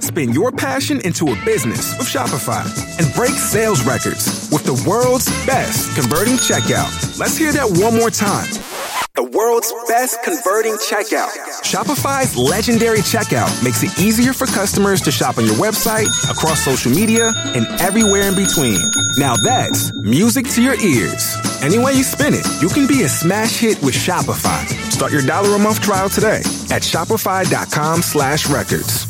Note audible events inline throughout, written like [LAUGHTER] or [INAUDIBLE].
Spin your passion into a business with Shopify and break sales records with the world's best converting checkout. Let's hear that one more time. The world's best converting checkout. Shopify's legendary checkout makes it easier for customers to shop on your website, across social media, and everywhere in between. Now that's music to your ears. Any way you spin it, you can be a smash hit with Shopify. Start your dollar a month trial today at shopify.com slash records.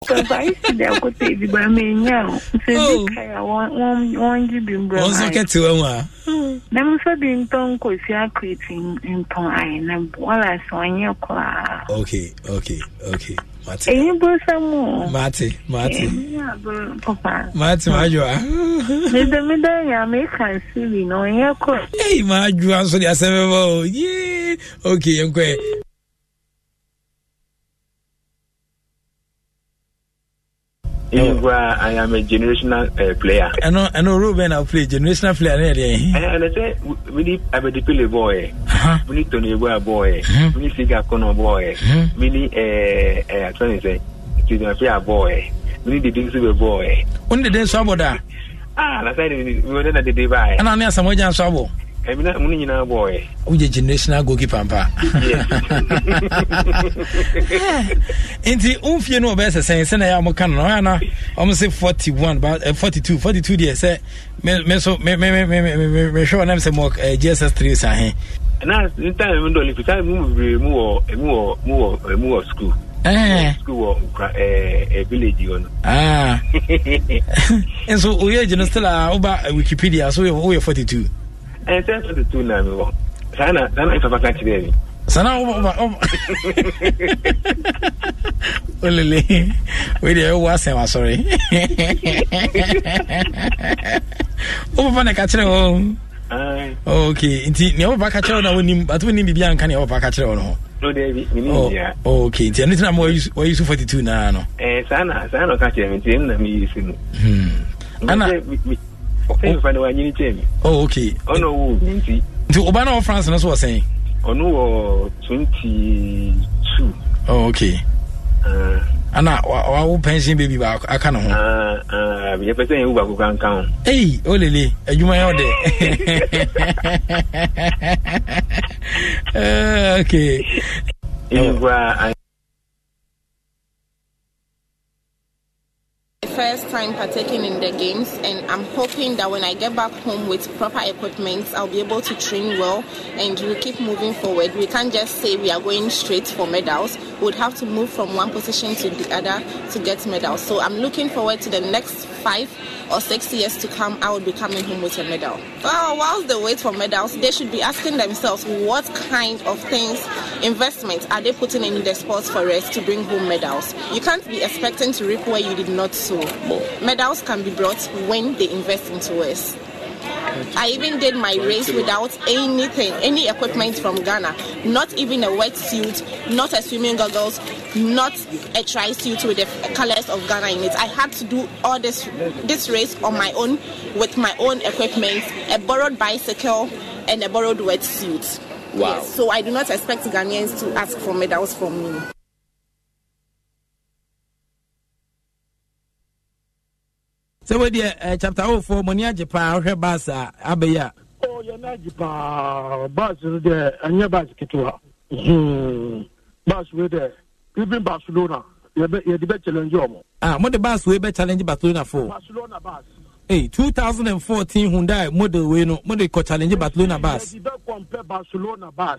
ɔnso kɛte wa mu a na mfa bi ntɔ nkɔsi akreti ntɔn ayɛ na wala sɛ ɔnyɛ koraa ok ok ok mate ɛyi bosam o mate mate papa mate madwoa meda meda nyame ka nsi bi na ɔnyɛ kɔ ei madwoa nso de asɛm bɛbɔ o ye ok yɛnkɔɛ even yeah. I am a generational uh, player. I know, I know, Ruben, I'll play generational player. And, and I say, we need Abedipile boy, uh-huh. we need Tony Boy boy, uh-huh. we need Siga Kono boy, uh-huh. we need, uh, uh, I'm trying to say, Tizafia boy, we need the Dinsu boy. When did they swab that? Ah, that's why we were then at the Dubai. And I'm here, someone else swab ɛmi eh, na mun nyinaa bɔ ɛ. wúyẹ generational gogi pampa. nti n fie no ɔbɛ sɛsɛn sɛnɛ yà ɔmo kan no ɔyà na ɔmo se forty one ba ɛ forty two forty two deɛ sɛ mɛ mɛ so mɛ mɛ mɛ mɛ mɛ mɛ hwɛ ɔnam sɛ mo ɛ eh, gss three sa hɛn. na n ta mi dɔli fi ta mu bebree mu wɔ mu wɔ mu wɔ mu wɔ eh, school. school wɔ nkura ɛɛ village wɔ no. nso oyè gyina still a woba wikipedia so woyɛ forty two ɛnsɛn eh, twenty two na mi wɔ saa na saa na ifafa kan sana wo ba wo olele we dey wo asem asori wo ba na ka kyerɛ wo okay nti ne wo ba ka kyerɛ wo na wo nim atu nim bibia nka ne wo ba ka kyerɛ wo no no debi mi ni 42 na no sana sana ka kyerɛ mi nti na mi use no hmm. eh, Oh. oh okay. ɔna ɔwɔ mi nti. nti ɔba na ɔ france no so wɔ sɛn. ɔno wɔ twenty two. oh okay. Uh, ana wawo pension baby ba aka ne ho ah, ah, yɛpɛ sɛ yɛwu baako kanka ho ei olele adwuma yɛ wode [LAUGHS] [LAUGHS] eh, okay First time partaking in the games, and I'm hoping that when I get back home with proper equipment, I'll be able to train well and we keep moving forward. We can't just say we are going straight for medals. we would have to move from one position to the other to get medals. So I'm looking forward to the next five or six years to come, I will be coming home with a medal. Well, oh, whilst they wait for medals, they should be asking themselves what kind of things, investments, are they putting in the sports for us to bring home medals? You can't be expecting to reap where you did not so medals can be brought when they invest into us. I even did my race without anything, any equipment from Ghana. Not even a wetsuit, not a swimming goggles, not a tri suit with the colors of Ghana in it. I had to do all this this race on my own with my own equipment, a borrowed bicycle and a borrowed wetsuit. Wow. Yes, so I do not expect Ghanaians to ask for medals from me. sɛ wodeɛ eh, chapter wofoɔ mɔne agye paa wohwɛ bas a abɛyi a yɛn agye paa bas no deɛ ɛnyɛ bas ketewa hmm. bas wei deɛ even barcelona yɛde bɛ challenge ɔmo ah mode bas wei bɛ challenge barcelona fo barcelona bas Hey, 2014 Hyundai model we no mode kɔ challenge Barcelona bus. Yɛde bɛ Barcelona bus.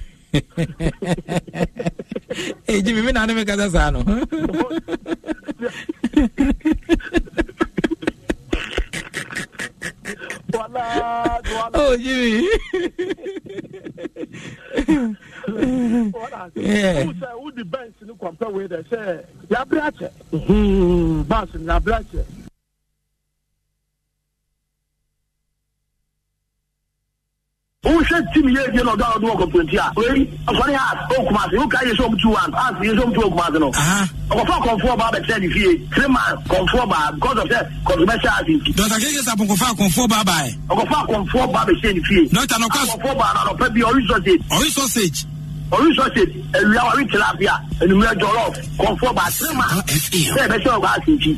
eh jimi mi na ne me kasa saa no oh jimi yeah who the bench ni compare with say ya brache hmm bas na brache wohwɛ tim yɛ die na ɔda ɔde wɔ kɔmpɛnti a wei ɔfɔne oh, uh-huh. a ɔkuma ase woka yɛ sɛ ɔm tu wan as yɛ sɛ ɔm tu ɔkuma ase no ɔkɔfa kɔnfoɔ baa bɛkyerɛ ne fie three man kɔnfoɔ baa because of sɛ kɔnfoɔ ase nti dɔta kekes apɔnkɔfa kɔnfoɔ baa baɛ ɔkɔfa kɔnfoɔ baa bɛkyerɛ ne fie dɔta nɔkɔfa kɔnfoɔ baa na nɔpɛ bi ɔre sausage ɔre sausage oríṣiríṣi ẹ̀rù àwọn orí tilapia ẹnumẹ́ jọlọ kọ̀ọ̀fọ̀ bá tẹ́lẹ̀mà bẹ́ẹ̀ bẹ́ẹ̀ sọ̀rọ̀ bá ṣe jí.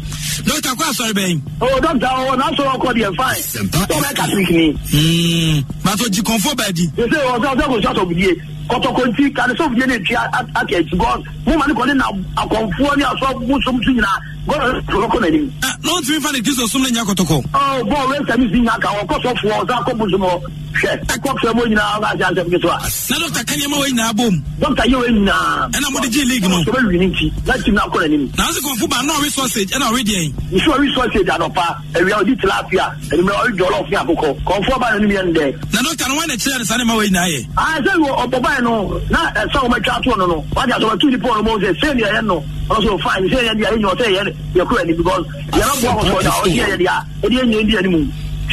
dókítà kó àsọ̀rọ̀ bẹ́yìn. o dókítà o n'a sọ̀rọ̀ ọkọ diẹ fain tó bẹ́ẹ̀ kà síkì ni. màtó hmm. jí kọ̀ọ̀fọ̀ bẹ́ẹ̀ di. ṣe ọ̀sẹ̀ ọ̀sẹ̀ kò sọ̀tọ̀ bìí ye kɔtɔkɔnti kanisɛn fi ne ti akɛ ti bɔ mo ma ne kɔni na akɔnfuwa eh, ni asɔ musom tu nyina gɔdɔ tɔlɔ kɔ n'anim. n'o tun bɛ fa ni kristu sum ne nya kɔtɔkɔ. ɔ bɔn o ye sami si nya kan o kɔsɔ fɔ ɛkɔfɛ mo nyinaa ɔba ahyɛ asɛm ketewa. na dɔkita kanyɛma wo nyinaa bom. dɔkita yɛ wo nyinaa. ɛna mo de gye league mu. sɔbɛ wuli ni ti na ti na kɔrɔ nimu. na ase kɔnfu ba n'awi sausage ɛna ɔwi diɛ. nsu ɔwi sausage anɔpa ewia odi tilapia enimɛ ɔwi jɔlɔ fi akokɔ kɔnfu ɔba nimu yɛ ndɛ. na dɔkita no wa na kyerɛ sani ma wo nyinaa yɛ. aa ah, sɛ wo ɔbɔba bɔ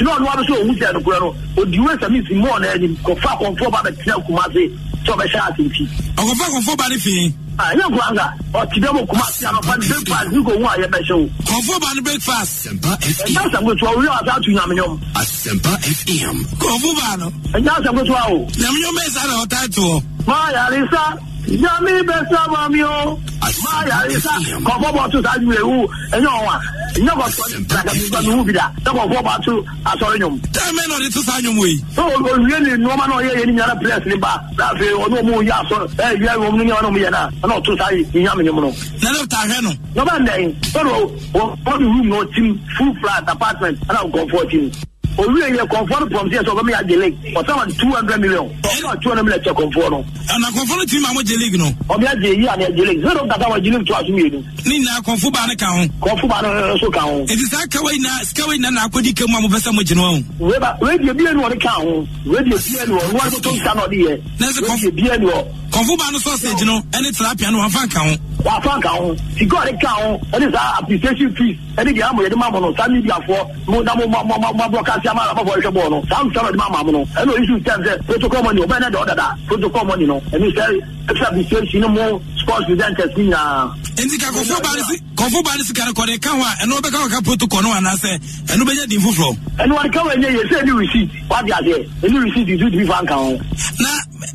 nti na ɔno wa bɛ sɛ ɔmu sɛ nokora no ɔdi wɛ sɛ mesi mɔɔ na e, anim kɔfa akɔmfoɔ ba bɛtena kuma se sɛ ɔbɛhyɛ asɛmfi ɔkɔfa akɔmfoɔ ba ne fii ɛnyɛ nkora nka ɔte dɛ mɔ kuma se anɔpa ne breakfast ne kɔhu a yɛbɛhyɛ wo kɔmfoɔ ba ne breakfast ɛnyɛ asɛmkotoa woyɛ asa ato nyamenyɔm asɛmpa e fm kɔmfoɔ ba no ɛnyɛ asɛmkotoa o nyamenyɔm bɛsa na ɔtaetoɔ ma yaresa yọmi bẹ sí ọmọ mi o máa yàrá sá kọ fọbọ tó sáájú rẹ wù ẹyìn ọwà nyọkọ tó kàkàtì gbà mí wù bìdà nyọkọ fọbọ tó asọrọ nyọm. dẹ́mẹ́ náà ni tó sá nyọm wei. o o wiye ni nneɛma náà yẹ yẹ ni nyara pírẹs ni ba láfi ọdún ọmọ yẹ asọrọ ẹ wiye wọn ni wọn yẹ náà ẹ náà tó sá yìí ní yàmi ni mu nù. nana ta hẹ nù. nyọba nẹyin o de o o o de room náà ti full flat apartment ẹ náà kọ fọ ti owie yɛ kɔnfɔ no pɔm sɛ sɛ ɔbɛmɛ yɛ agye league ɔsɛ ma two hundred million ɔma two hundred million kyɛ kɔnfɔ no na kɔnfɔ no tumi ma mo gye league no ɔmɛ agye yi a ne agye league sɛdeɛ ɔkata wagye league to aso mmienu ne nyinaa kɔnfɔ baa ne ka ho kɔnfɔ baa ne nso ka ho ɛti saa kawa nyinaa sikawa nyinaa na akɔdi e ka mu a mopɛ sɛ mo gye no ho weba radio bia ne ɔde ka ho radio bia ne ɔno ɔde to nsa na ɔde yɛ radio bia ne ɔ kɔnfɔ baa no sausage no ɛne tilapia no wafa kan? ho wafa ka ho sika ɔde ka ho ɛne saa appreciation fees ɛne deɛ amɔ yɛde ma mo no saa media foɔ mo na mo ma ma ma broadcast ase ama afɔfɔ ɛhwɛ bɔɔl no saa nsɛm ɛdi ma ma mu no ɛna oyi si sɛm sɛ protocol money ɔbɛn ne dɛ ɔdada protocol money no ɛni sɛ ɛfɛ bi se si ne mu sports presenters ni nyinaa. nti ka kɔfo ba ni si kari kɔde ka ho a ɛna ɔbɛka ɔka protocol no anaasɛ ɛnu bɛ nyɛ di nfoforɔ. ɛnu wani kawo ɛnyɛ yɛ sɛ ɛni receipt wadi adeɛ ɛni receipt di du di fa nkan na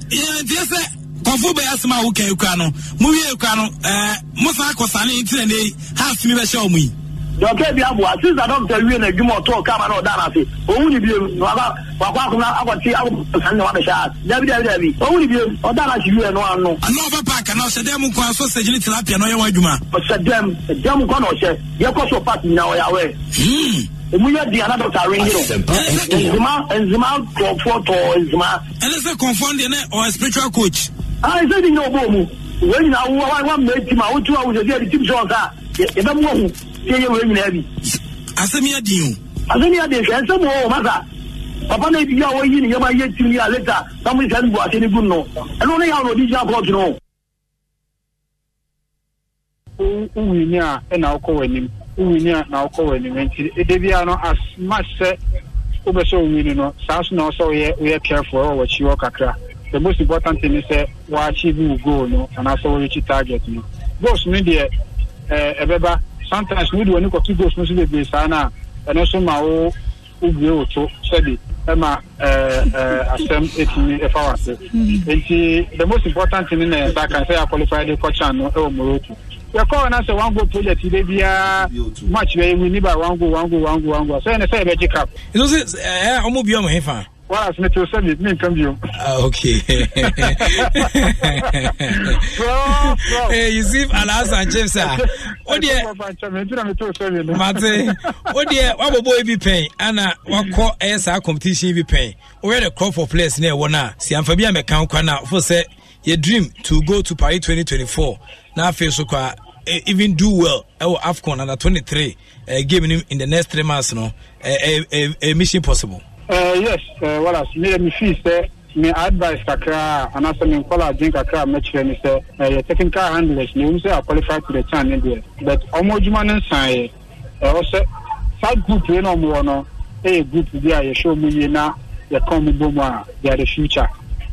yɛn tiɛ sɛ kɔfo bɛ asoma awo kɛ ekura no mu wi ekura no ɛɛ musa akɔsane dɔkita bi aboa sisan dɔkita wiye na edwuma ɔtɔ kama na ɔda n'ase owu ni biem waka wakɔ akɔnɔ akɔti akɔ sanni wa bɛhyɛ dabi dabi dabi owu ni biem ɔda n'ase wiye no ano. ana ɔbɛ paaki na ɔhyɛ dɛm kwan so sɛgyini tilapia na ɔyɛ wɔn adwuma. ɔhyɛ dɛm dɛm kwan na ɔhyɛ yɛ kɔ so paaki nyina ɔyɛ awɛ. emu yɛ di ana dɔkita ringi no nzima nzima kɔfɔ tɔ nzima. ɛnɛ sɛ kɔnfɔn de ne ɔ spiritual coach. aa ɛsɛ di nyina ɔbɔ mu wɔn nyina awo wa wa mɛ ti ma o tu awo sɛ yɛyɛ wei nyinaa bi asɛm yɛ den o asɛm yɛ den hwɛ nsɛm masa papa na ebi a ihe tiri leta na mo sɛ ase a na ɔde gyina ni a ɛna wokɔ a na wokɔ w'anim nti ɛda as no saa so na ọsọ kakra the most important thing is goal no target no sometimes wode w'ani kɔto goals no so bebree saa no a ɛno so ma wo wobue wo to sɛde ɛma asɛm ɛtumi ɛfa w ase nti the most important thing na yɛsa kan sɛ yɛaqualify de kɔkyan no ɛwɔ morocco yɛkɔɔ na sɛ one goal project de biara match bɛyɛ wini by one goal one goal one goal one goal sɛ ɛne sɛ yɛbɛgye cap ɛso sɛ ɔmo bia mo hefa wọ́n àti mi ti o sẹ́mi mi nǹkan bí o. ok see, [LAUGHS] eh, alhassan james a o deɛ mate o deɛ wabɔbɔ ebi pɛn ɛna wakɔ ɛyɛ saa competition bi pɛn o yɛ de crop for players na ɛwɔ na si anfa bi a mɛka nkwa na fo sɛ yɛ dream to go to paris twenty twenty four na afei so kɔ even do well ɛwɔ afcon under twenty three game in the next three months no ɛ ɛ ɛ mission possible. Uh, yes uh, wala meyɛ mefii sɛ me advice kakra a anaasɛ me nkɔla adwen kakra a mɛkyerɛ ne sɛ ɛyɛ eh, technical handlers na ɛwom sɛ aqualify to the chan ne deɛ but ɔmo adwuma no nsaeɛ ɛwɔ eh, sɛ saa group wei na ɔmowɔ no ɛyɛ group bi a yɛhwɛ mu yie na yɛka mu bɔ a they are the future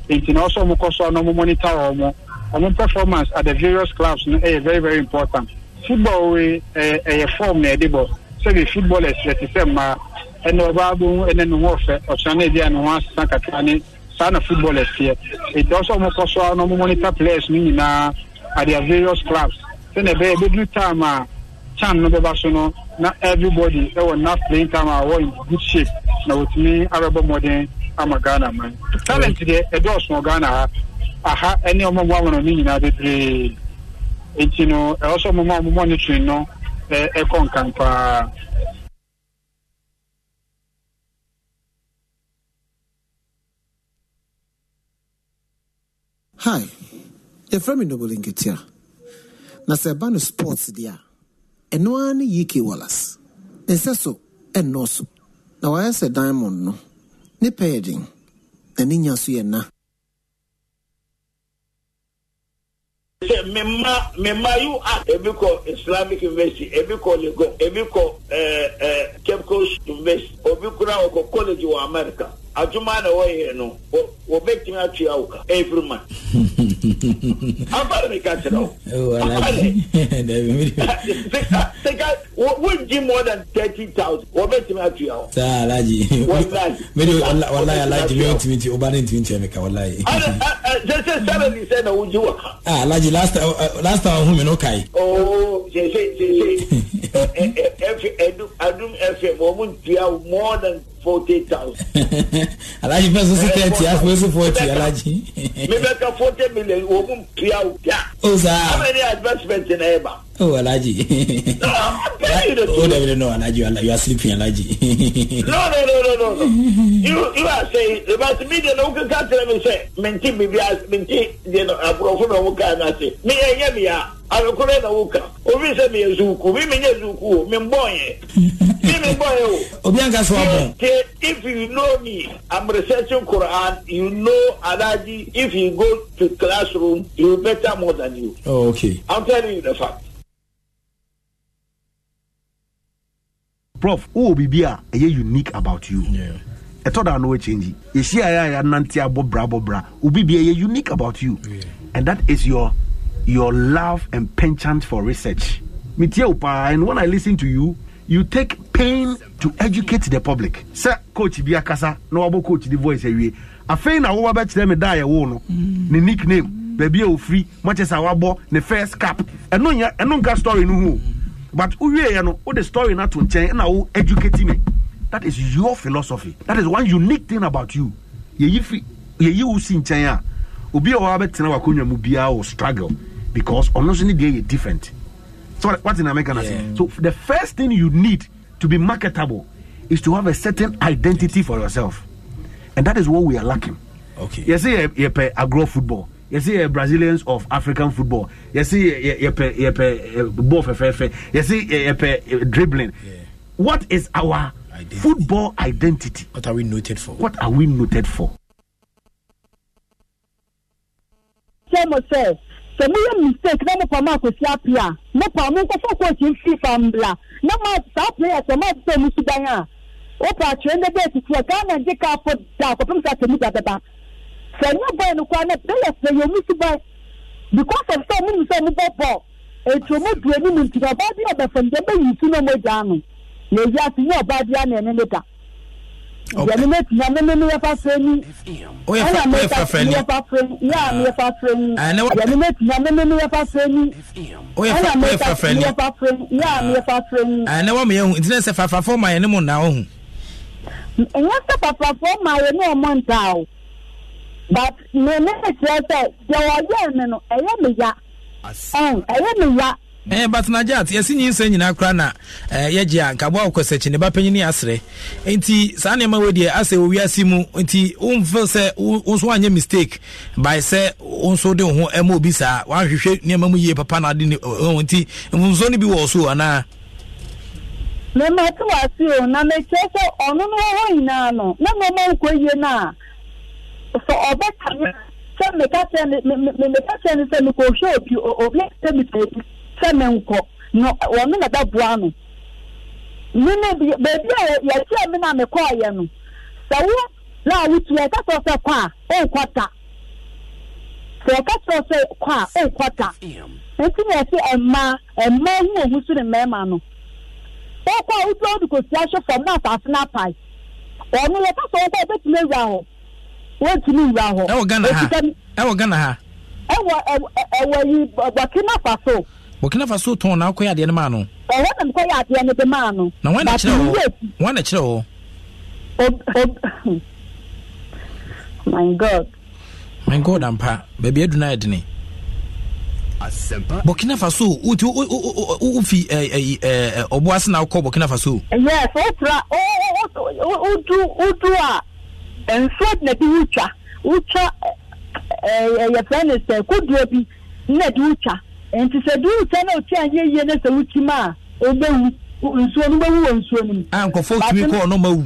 nti na ɔsɛ ɔmo kɔ so a na ɔmo monitor wɔ mo ɔmo performance at the various clubs no ɛyɛ very very important football wei ɛyɛ form na ɛde bɔ sɛbi footballers yɛte sɛ mmaa ɛna ɔbaa bo ɛna ne ho ɔfɛ ɔkyerɛ no ebia ne ho asesa kakra ne saa na football ɛteɛ nti ɔsɛ ɔmo so a na ɔmo monitor players no nyinaa at their various clubs sɛnɛ ɛbɛyɛ ɛbɛduru e time a chan no bɛba so no na everybody ɛwɔ e na playing time a wɔn in good shape na wotumi abɛbɔ mmɔden ama ghana man talent deɛ ɛdɔɔso e ghana ha aha ɛne ɔmo ne nyinaa bebree nti no ɛwɔ sɛ ɔmo mo a ɔmo mo ne twene no ɛkɔ nkan paa. hi yɛfrɛ me noble nketea na sɛ ɛba sports deɛ a Yiki ara ne yk wallas ne nsɛ so ɛnnɔɔso na diamond no ne pɛ yɛ den na mema mema yu act ebi kɔ islamic university ebi kɔ lagos ebi kɔ ɛɛ ɛɛ cape coast university obi kura ɔkɔ college wɔ america adwuma na wɔyɛ no wɔbɛtumi atua wo ka every month amfare meka kyerɛ wo wogye more than thirty thousand wɔbɛtumi atua wo saa alaji mede wallahi alaji me ntumi nti woba ne ntumi ntia meka wallahi sɛ sɛ salary sɛ na wogye wɔ ka ah alaji last last time ɔhu me no kae oh sɛ sɛ sɛ sɛ adum fm wɔn ntua more than forty thousand. [LAUGHS] Alaji, fẹ́ sọ sí thirty a fẹ́ sọ forty Alaji. mi bẹ ka forty million wo mu tuya o ja. o sa. how many advertisement na ẹ ba oh alaji no, oh definitely no alaji you are sleeping alaji no no no no no, you you are saying the me media no can catch them. me say menti bibi as menti the no abrofo no ka na say me enye me ya alukore na wo ka obi sɛ meyɛ zuku mi menyɛ zuku o membɔnyɛ mi membɔnyɛ o oh. obi anka so abɔ if you know me i'm researching quran you know alaji if you go to classroom you better more than you oh, okay i'm telling you the fact prof wo biribi a ɛyɛ unique about you ɛtɔ da no wɔkyɛngyi yɛhyia yɛ a yɛanante abɔbra abɔbra obi bi ɛyɛ unique about you yeah. and that is your your love and penchant for research metie wo paa and when i listen to you you take pain to educate the public sɛ coach bi akasa na wabɔ coach di voice awie afei na wowɔ bɛkyerɛ me da a yɛwo no ne nickname baabi a ofiri mokyɛ sɛ wabɔ ne first cap ɛno nka story no ho o mm but wowieɛ no the story no to nkyɛn na wo educate me that is your philosophy that is one unique thing about you yɛyi fi yɛyi wo si nkyɛn a obi a wɔa bɛtena wakonnwa mu biara wo struggle because ɔno nso ne deɛ yɛ different so what, in america yeah. say so the first thing you need to be marketable is to have a certain identity for yourself and that is what we are lacking okay yɛsɛ yɛpɛ agro football yɛsi yɛ brazilians of african football yɛsi yɛpɛ yɛpɛ ball fɛfɛɛfɛ yɛsi yɛpɛ dribbling yeah. what is our identity. football identity. what are we noted for. what are we noted for. ṣé mo sẹ́ mistake akosi ape a mo kaa da sɛ ɛnyɛ bɔɔl no koraa na players na yɛ ɔmo si bɔɔl because of sɛ ɔmo mu sɛ ɔmo bɔ bɔɔl etu ɔmo du anim nti na ɔbaa bi a ɔbɛfam deɛ ɔbɛ yi su na ɔmo gya ano na eyi ase nye ɔbaa bi a na ɛne ne da yɛne ne tia ne ne ne yɛfa fɛ ni ɛna ne yɛfa fɛ ni yɛfa fɛ ni yɛa ne yɛfa fɛ ni yɛne ne tia ne ne ne yɛfa fɛ ni ɛna ne yɛfa fɛ ni yɛfa fɛ ni yɛa ne yɛfa fɛ ni. ɛnɛ wɔn mi yɛ hu ntina sɛ fafafo ma yɛ ne mu na ɔhu. ɛnyɛ sɛ fafafo ma yɛ ne ɔmo ntaa o. but me ne kyerɛ sɛ deɛ wɔyɛ me no ɛyɛ eh, me ya ɛyɛ um, eh, me ya Eh, but najat yɛsi nyinsɛ nyinaa kora na eh, yɛgye a nkaboa wokɔsakyi ne bapanyini asrɛ nti saa nneɛma wei deɛ asɛ wɔwiase mu nti womfeel sɛ eh, wo nso woanyɛ mistake by sɛ wo nso de wo ho ma obi saa woahwehwɛ nneɛma mu yie papa naade ne nti nso no bi wɔ so anaa memate wase o na mekyerɛ sɛ ɔno no wɔ hɔ nyinaa no na nɔma nkɔ yie no a sọ ọbẹka mi sẹ mẹka kyerẹ mi mẹka kyerẹ mi sẹ mi kò hwẹ obi obi sẹ mi ebi sẹ mi nkọ na wọn mi na bẹ bu ano mi na bi beebi a yẹ mi na mi kọ yẹ no sẹ wo na awutu kẹsọ sẹ kọ a o nkọ ta sẹ kẹsọ sẹ kọ a o nkọ ta nti na yẹ sẹ mmaa mmaa yi na ehusu ne mmarima no ọkọ awutu ọdun kò si aṣọ fam na asase na apaayi wọn yẹ kẹsọ ọkọ tún wɔntumi nwura hɔ. ɛwɔ ghana ha ɛwɔ ghana ha. ɛwɔ ɛwɔ yi burkina faso. burkina faso tɔn na akɔyɛ adeɛ no maa no. ɛwɔ na mekɔyɛ adeɛ no de maa no. na wɔn na wɔ wɔn my god. my god ampa baabi aduna yɛ dene. burkina faso wotu wofi ɔboase na wokɔ burkina faso. yes wotura a. nsuo na de wutwa wutwa ɛɛ eh, eh, eh, yɛfrɛ no sɛ kodoɔ bi na de wutwa nti sɛ de wutwa na otu anyɛ yie na sɛ wuti mu a obewu nsuo no bewu wɔ nsuo no mu. a nkɔfo tumi kɔɔ n'ɔma wu.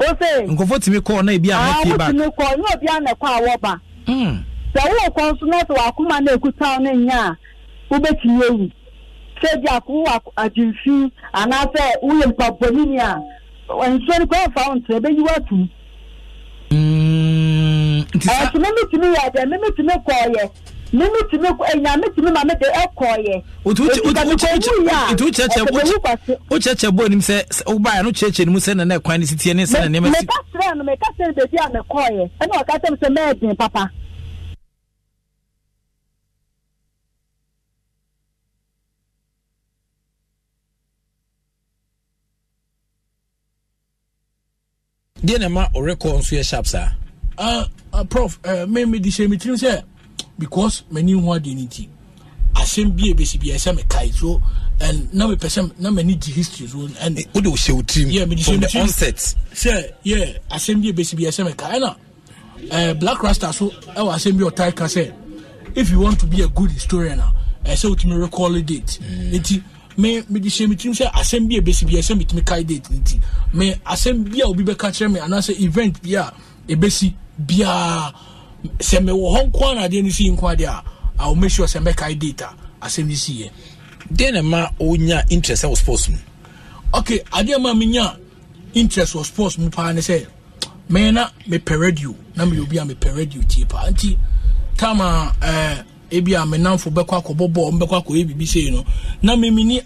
o se nkɔfo tumi kɔɔ na ebi a mɛ fi ba. a wotumi kɔɔ na obi a na kɔ awɔ ba. Hmm. sɛ wo kɔ nso na sɛ wakoma na ekuta ne nya a wobɛtumi ewu sɛ di ako wɔ adimfi anaasɛ woyɛ mpabɔnini a nsuo no kɔ ɛfa wo ntere ebeyi tum ɛti mímu tìmi yɛ ɛdɛ mímu tìmi kɔ yɛ eh, mímu tìmi ɛnyà mi tìmi ma mi de ɛkɔ yɛ. otu kyerɛkyerɛ bɔ nim sɛ woba yɛ no kyerɛkyerɛ no mu sɛ nana ɛkwan ne sitie ne sɛ na nneɛma si. mɛka kyerɛ no mɛka kyerɛ no beebi a mɛkɔ yɛ ɛna ɔka kyerɛ mi sɛ mɛɛ den papa. deɛ na ɛma ɔrekɔ nso yɛ sharp saa uh, uh, prof uh, me me de hyɛ me tirim sɛ because m'ani ho adeɛ no nti asɛm bi a bɛsi bia me kai so and na me sɛ na m'ani di history so and eh, wode wohyɛ wo tirim yeah, from the onset sɛ yeah asɛm bi a bɛsi bia ɛsɛ mekae ɛna uh, eh, black rasta so ɛwɔ asɛm bi ɔtae ka sɛ if you want to be a good historian a ah, ɛsɛ wotumi recall a date mm. nti me me mede hyɛ me tirim sɛ asɛm bi a ɛbɛsi bi ɛsɛ me kai date nti me asɛm bi a obi bɛka kyerɛ me anaasɛ event bi a ɛbɛsi biara sɛ mewɔ hɔ nko ara adeɛ no si nko adeɛ a i will make sure sɛ data asɛm no si yɛ deɛ na ma wonya interest wɔ sports mu okay adeɛ ma menya interest wɔ sports mu paa ne sɛ mɛn na mepɛ radio na meyɛ obi a mepɛ radio tie paa nti tam a ɛɛ eh, ebi a menamfo bɛkɔ akɔbɔ bɔɔl mbɛkɔ akɔyɛ biribi sei no na memini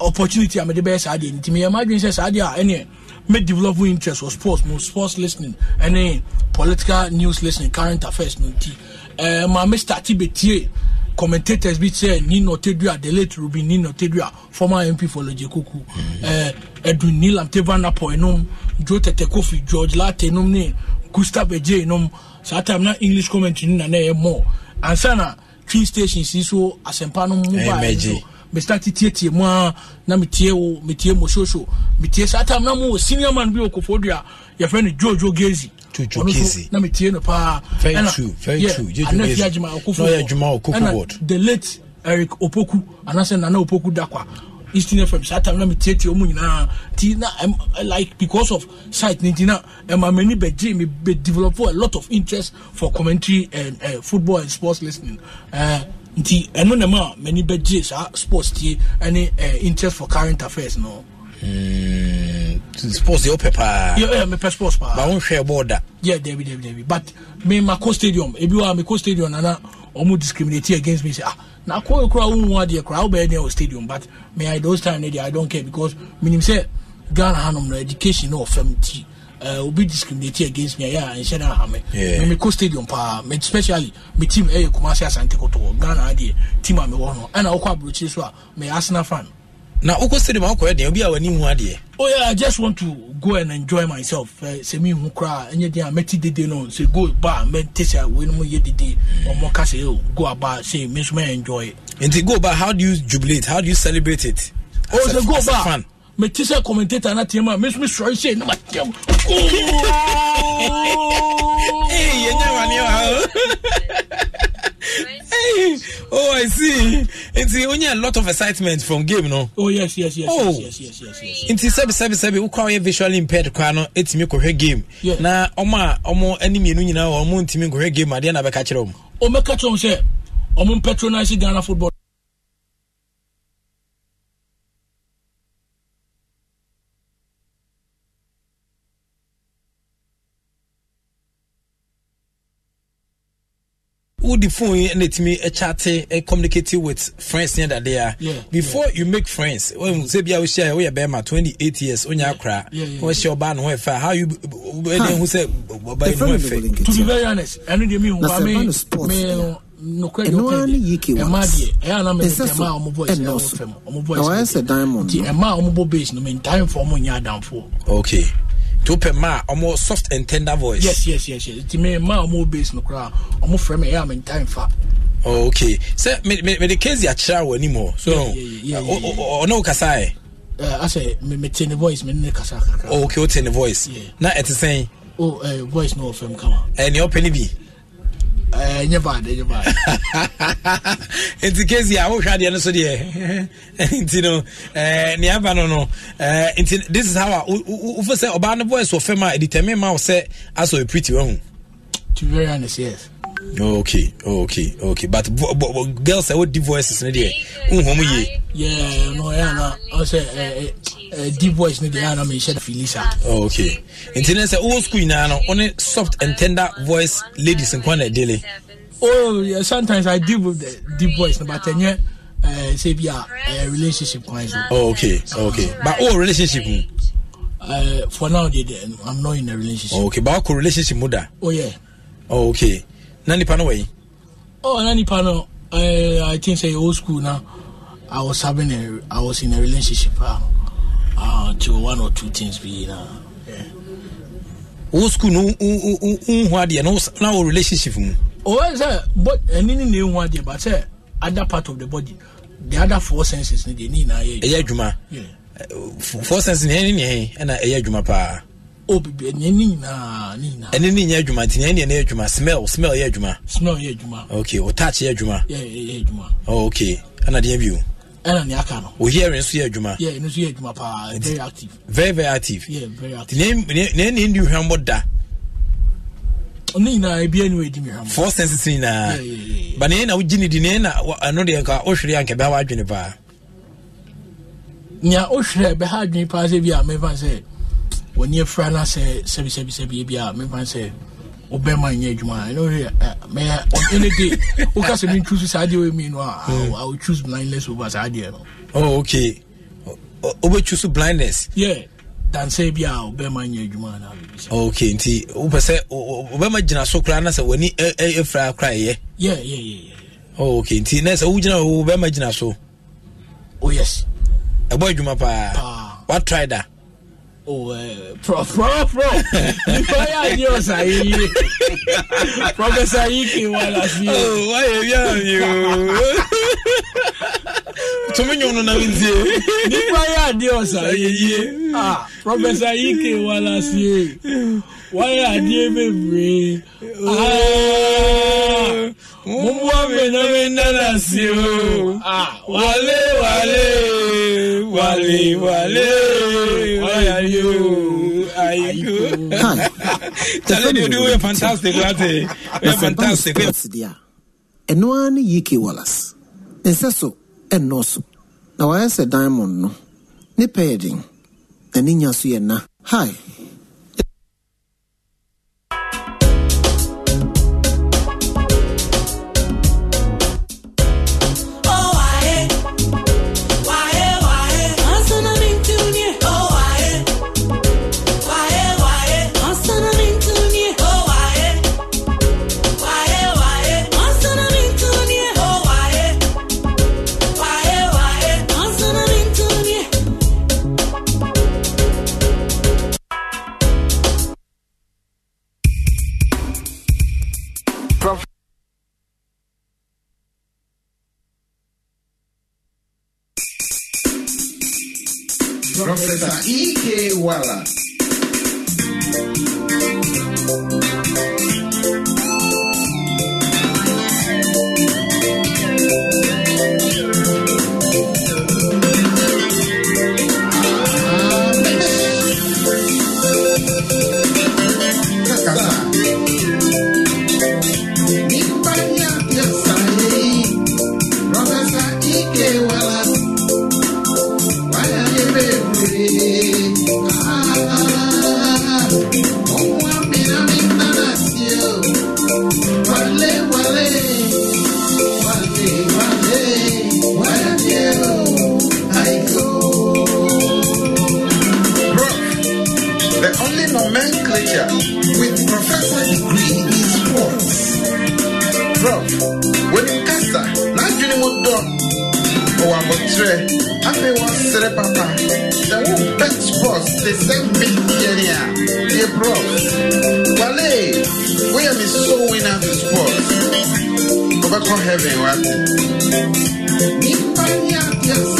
opportunity a mede bɛyɛ saa deɛ nti meyɛ ma adwene sɛ saa deɛ a ɛneɛ make develop interest for sports mo sports listening ɛne political news listening current affairs no nti ɛɛ eh, maame start betie commentators bi sɛ nino tedua the late ruby nino tedua former mp for lɔjɛ kuku ɛɛ eh, ɛdun nilam tevanapɔ enum jo tete kofi george late enum ne gustav eje enum saa time na english commentary nina na ɛyɛ e mɔ ansana twin stations yi so asɛmpa no mu baa yi so mɛsta te tietie mu a na metie wo metie mososo metie saa tam na mowɔ senior man bi wɔ kofodua yɛfrɛ no jojo gezi na metie no paa ɛnaanafi adwuma ɔkofoɛna the late eric opoku anaasɛ nana opoku dakwa eastern fm saa tam na metietie mu nyinaa ti na um, like because of site ne nti na ɛma m'ani bɛgye me bɛ develop a lot of interest for commentary and uh, football and sports listening uh, nti ɛno na mu a m'ani bɛgye saa sports tie ɛne ɛɛ eh, interest for current affairs no. Mm, sports yɛ ɔpɛ paa. yɛ ɛɛ eh, mepɛ sports paa. ba ahwɛ bɔɔl da. yɛ dɛbi dɛbi dɛbi but mi ma ko stadium ebi wa mi ko stadium nana ɔmu discriminate against me say ah na ko ekura wo nwa deɛ kura awo bɛyɛ deɛ wɔ stadium but me i those time ne deɛ i don care because minim sɛ ghana hanom na education na ɔfɛm ti. Eh, obi discriminate against me ɛyɛ a nhyɛ no aha me na mekɔ stadium paa especially me team ɛyɛ eh, kumase asante kotoɔ ghana adeɛ eh, team a mewɔ no ɛna wokɔ aburokyiri so a meyɛ asena fan na wokɔ stadium akɔɛ deɛ obi a w'ani hu adeɛ oh yeah i just want to go and enjoy myself sɛ mi hu koraa ɛnyɛ deɛ a mɛti dede no sɛ go ba mɛte sɛ wei no mu yɛ dede ɔmɔ hmm. ka sɛ oh, go aba sɛ me nso mɛ enjoy nti go ba how do you jubilate how do you celebrate it? oh, a, so go as a fan mɛte sɛ commentator no ateɛ mu a meso mesɔre sɛ ɛnom ateɛm yɛnyɛ oh i see nti only a lot of excitement from game no oh yes yes yes oh. yes yes yes yes nti sɛbi sɛbi sɛbi wokɔ woyɛ visually impaired koraa no ɛtumi e kɔhwɛ game na ɔmo a ɔmo ani mmienu nyinaa wɔ ɔmo ntumi nkɔhwɛ game adeɛ na bɛka kyerɛ ɔmo ɔmɛka kyerɛ ɔmo sɛ ɔmo ghana football wode phone yi na ɛtumi ɛkyate communicate with friends ne dade a before yeah. you make friends sɛ bia wohyia we are 28 years wonya akora crack. What's your band? ho ɛfɛ how you ɛne hu sɛ ɔbaa ne ho ɛfɛ to be very honest ɛno deɛ mehu ba me ɛno ara ne yike wasɛsɛɛnɔso na wɔayɛ sɛ diamond nti ɛma a ɔmobɔ base no mentim fo ɔmo nyɛ adamfoɔ okay to pɛ ma a ɔmo soft and tender voice. yes yes yes yes ti mi ma ɔmo bass no kora ɔmo fɛ mi ɛyà mi n ta n fa. Oh, okay sɛ mede me, me case akyerɛ wɔ anim hɔ so ɔne wo kasa ɛ uh, asɛ mete ne voice mene ne kasa kakra oh, okay wote ne voice na ɛte sɛn oh, voice no ɔfam kama ɛneɛ eh, wopɛ ne bi ɛnyɛ eh, bad ɛnyɛ bad [LAUGHS] nti kesi a wohwɛ no so deɛ [LAUGHS] nti no eh, nea aba no no eh, nti this is how a wofo sɛ ɔbaa no boɛ so fam a ɛditɛme ma wo asɔ ɛpriti wahu to be very honest yes okay okay okay but bo, bo, bo, girls ẹ wo deep voices ni deɛ n hɔn mu yie. yɛɛ n'o yɛ ana ɔsɛ ɛɛ ɛɛ deep voice ni deɛ ana mi hyɛ fili okay nti ne sɛ owó school yìí nànà ɔne soft and tender voice ladies nkwan na le. oh yeah, sometimes i deal with the deep voice but ɛnyɛ ɛɛ sɛ bi a eh, relationship kwan so. oh okay okay but o oh, relationship mu. Hmm? Uh, eh, for now, I'm not in a relationship. Okay, but what relationship, mother? Oh yeah. Oh, okay na nipa no wɔyi oh na nipa no eh, i think say old school na i was having a i was in a relationship uh, uh, to one or two things be na yeah. old school no nhu adeɛ no na wɔ relationship mu ɔwɔ oh, sɛ but ɛni ni na ehu adeɛ but sɛ other part of the body the other four senses ni deɛ ni nyinaa yɛ adwuma ɛyɛ adwuma eh, four senses ni ɛni ni ɛyɛ ɛna ɛyɛ adwuma paa obibi ɛnɛ ne nyinaa ne nyinaa. ɛne ne nyɛ adwuma nti ɛne ne yɛ adwuma smell smell yɛ adwuma. smell yɛ adwuma. okay o touch yɛ adwuma. yɛ yɛ adwuma. oh okay ɛna deɛ bi o. ɛna ne aka no. o hearing nso yɛ adwuma. yɛ ɛno nso yɛ adwuma paa very active. very very active. yɛ very active. ne ne ne ndi hwɛnbɔ da. ne nyinaa ebi ɛni o edi mi hwɛnbɔ. four senses nyinaa. ba ne na o gyi ne di ne na ɛno deɛ nka o hwere anka bɛ awa adwene paa. nea o hwere bɛ ha adwene paa sɛ bi a mɛfa sɛ wɔn afira na sɛ sɛbisɛbisɛbi ebi a mefa sɛ wobɛma nyɛ adwuma ɛno re mɛyɛ on any day [LAUGHS] woka sɛ mentwu so saa deɛ wɔmi no a mm. i will choose blindness over saa deɛ no oh okay wobɛtwu choose blindness yeah dansa bi a wobɛma nyɛ adwuma na oh, okay nti wopɛ sɛ wobɛma gyina so koraa na sɛ w'ani afira e, e, koraa ɛyɛ yeah yeah yeah oh okay nti na sɛ wogyina wobɛma gyina so oh yes ɛbɔ adwuma paa watry da prɔprɔprɔ nipa yɛ adi ɔsa yi ye prɔfɛsa yi kì í wá lásì yẹ. wáyé bí a mi o tumi nyɔm nuna mi tie. nipa yɛ adi ɔsa yi ye prɔfɛsa yi kì í wá lásì yẹ wáyé adi yẹ bẹ bèrè mumua minamindalasi o ah, wale wale wale wale ayo ayo. Chale de do we fantastic lati we [LAUGHS] fantastic. Ɛno ara ne UK Wallace nsɛ so ɛnnɔɔso na wɔayɛ sɛ diamond no ne pɛ na ne nya so yɛ nna hi profeta Ike wala sere papa sɛ wo bet sports te sɛ metiɛne a yɛ bros wale woyɛ me so winner to sports wobɛkɔ heaven wate nipa ne adeɛ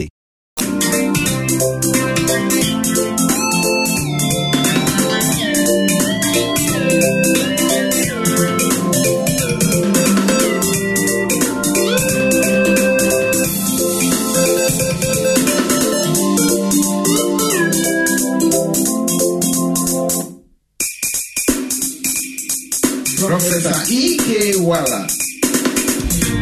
Y que iguala.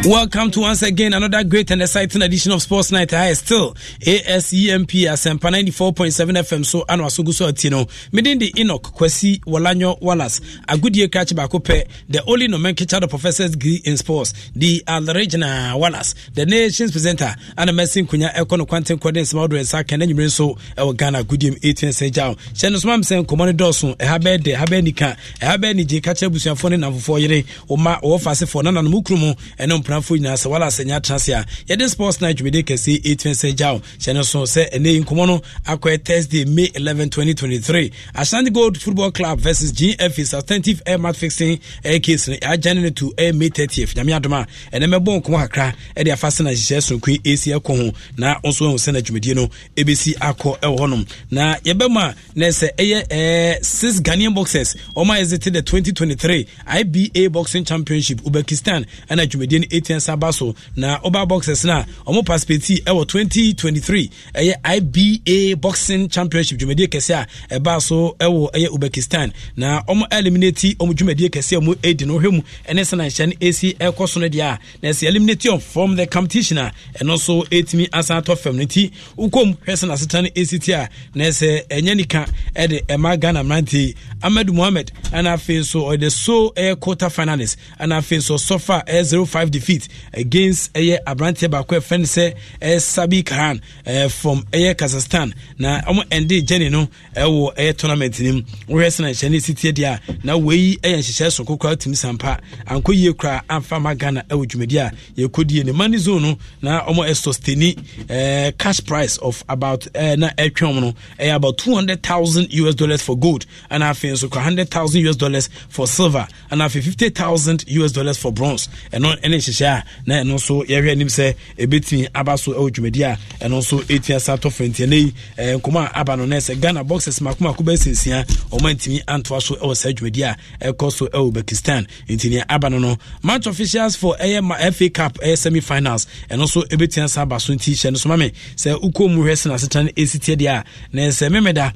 Welcome to once again another great and exciting edition of Sports Night. I still ASEMP Asempa 94.7 FM. So, ano asugu so atino. Midin the Enoch Kwesi Walanyo Wallace. A good year catch bakope. Eh, the only nomenclature of professors degree in sports. The Alregina Wallace. The nation's presenter. And a messing kunya ekono quantum coordinates maudu and sack and then so our eh, Ghana good year 18 eh, say jaw. Shenos mam saying command dosun. A habe de habe A habe niji catch a phone and for yere. Oma or and mukrumu and apenafoɔ nyinaa sɛ wala asɛnyɛ atena a yɛde sports night dwumadi kɛseɛ ɛtumi sɛ gya wo hyɛ no so sɛ ɛnɛ yi nkɔmmɔ no akɔɛ thursday may 11 2023 ashanti gold football club versus gfa substantive air mat fixing air case no agyane no to air may 30th nyame adom a ɛnɛ mɛbɔ nkɔmmɔ kakra ɛde afa sɛ na hyehyɛ sonkoe ɛsi ɛkɔ ho na nso ahu sɛ na dwumadie no ɛbɛsi akɔ ɛwɔ hɔnom na yɛbɛmu a na sɛ ɛyɛ six ghanaian boxers ɔma ɛzete the 2023 iba boxing championship ubekistan ɛna dwumadie no atn saba so na oba boxers no a ɔmo participate ɛwɔ 2023 ɛyɛ iba boxing championship dwumadie kɛseɛ a ɛbaa so ɛwɔ ɛyɛ uzbekistan na ɔmo eliminate ɔmo dwumadie kɛseɛ a ɔmo edi no ɔhwɛ mu ɛne sɛ nanhyɛ no esi ɛkɔ so no deɛ a na ɛsɛ eliminate on from the competition a ɛno nso etimi asan atɔ fam no ti wokɔm hwɛ sɛ n'aseta no esi ti a na ɛsɛ ɛnyɛ nika ɛde ɛma ghana mmeranteɛ ahmed mohammed ɛna afei nso ɔde so ɛyɛ quarter finalist ɛna afei nso sɔfa ɛyɛ eh, zero five defeat defeat against ɛyɛ aberanteɛ baako ɛfɛ no sɛ ɛyɛ sabi karan ɛɛ from ɛyɛ kazakhstan na wɔn ɛnde gyɛne no ɛwɔ ɛyɛ tournament nim wɔhwɛ sɛ na nhyɛn esi tie deɛ a na wei ɛyɛ nhyehyɛ so kokora tumi sampa anko yie kora amfa ma ghana ɛwɔ dwumadie a yɛkɔ die ne mani zone no na wɔn ɛsosteni ɛɛ cash price of about ɛɛ na ɛtwɛn wɔn no ɛyɛ about two hundred thousand us dollars for gold ɛna afei nso kora hundred thousand us dollars for silver ɛna afei fifty thousand us dollars for bronze ɛno ɛne nhyehyɛ nhyɛ a na ɛno nso yɛhwɛ anim sɛ ɛbɛtumi aba so ɛwɔ dwumadi a ɛno nso ɛtumi asa tɔ fɛntiɛne yi nkɔmɔ a aba no nɛsɛ ghana boxes makomako bɛyɛ sɛnsia ɔma ntumi antoa so ɛwɔ saa dwumadi a ɛkɔ so ɛwɔ pakistan nti nea aba no no match officials for ɛyɛ ma fa cup ɛyɛ semi finals ɛno nso ɛbɛtumi asa aba so nti hyɛ no so ma me sɛ wokɔ mu hwɛ sɛ nasetena no ɛsi tiɛ deɛ a nɛsɛ memeda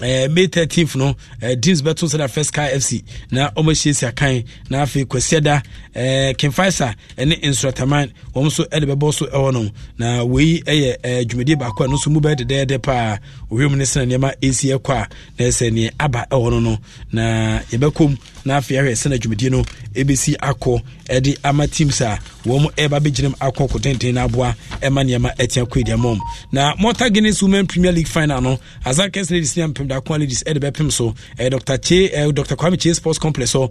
Uh, may thirteenth no uh, deans bɛto sɛ first car fc na ɔmahyiesia kan na afei kwasiada Eh, kimfaisa ɛne eh, nsrataman wɔn nso ɛde eh, bɛbɔ so ɛwɔ no na wee ɛyɛ dwumadie baako a no nso mu bɛyɛ dɛdɛɛdɛ paa ne sena nneɛma ɛkɔ na ɛsɛ neɛ aba ɛwɔ na yɛbɛkɔm na afei ahwɛ no akɔ ɛde ama teams a wɔn akɔ ɛma nneɛma na mɔta guinness women premier league final no ladies ne dako ladies ɛde bɛpem so dr dr kwame sports complex hɔ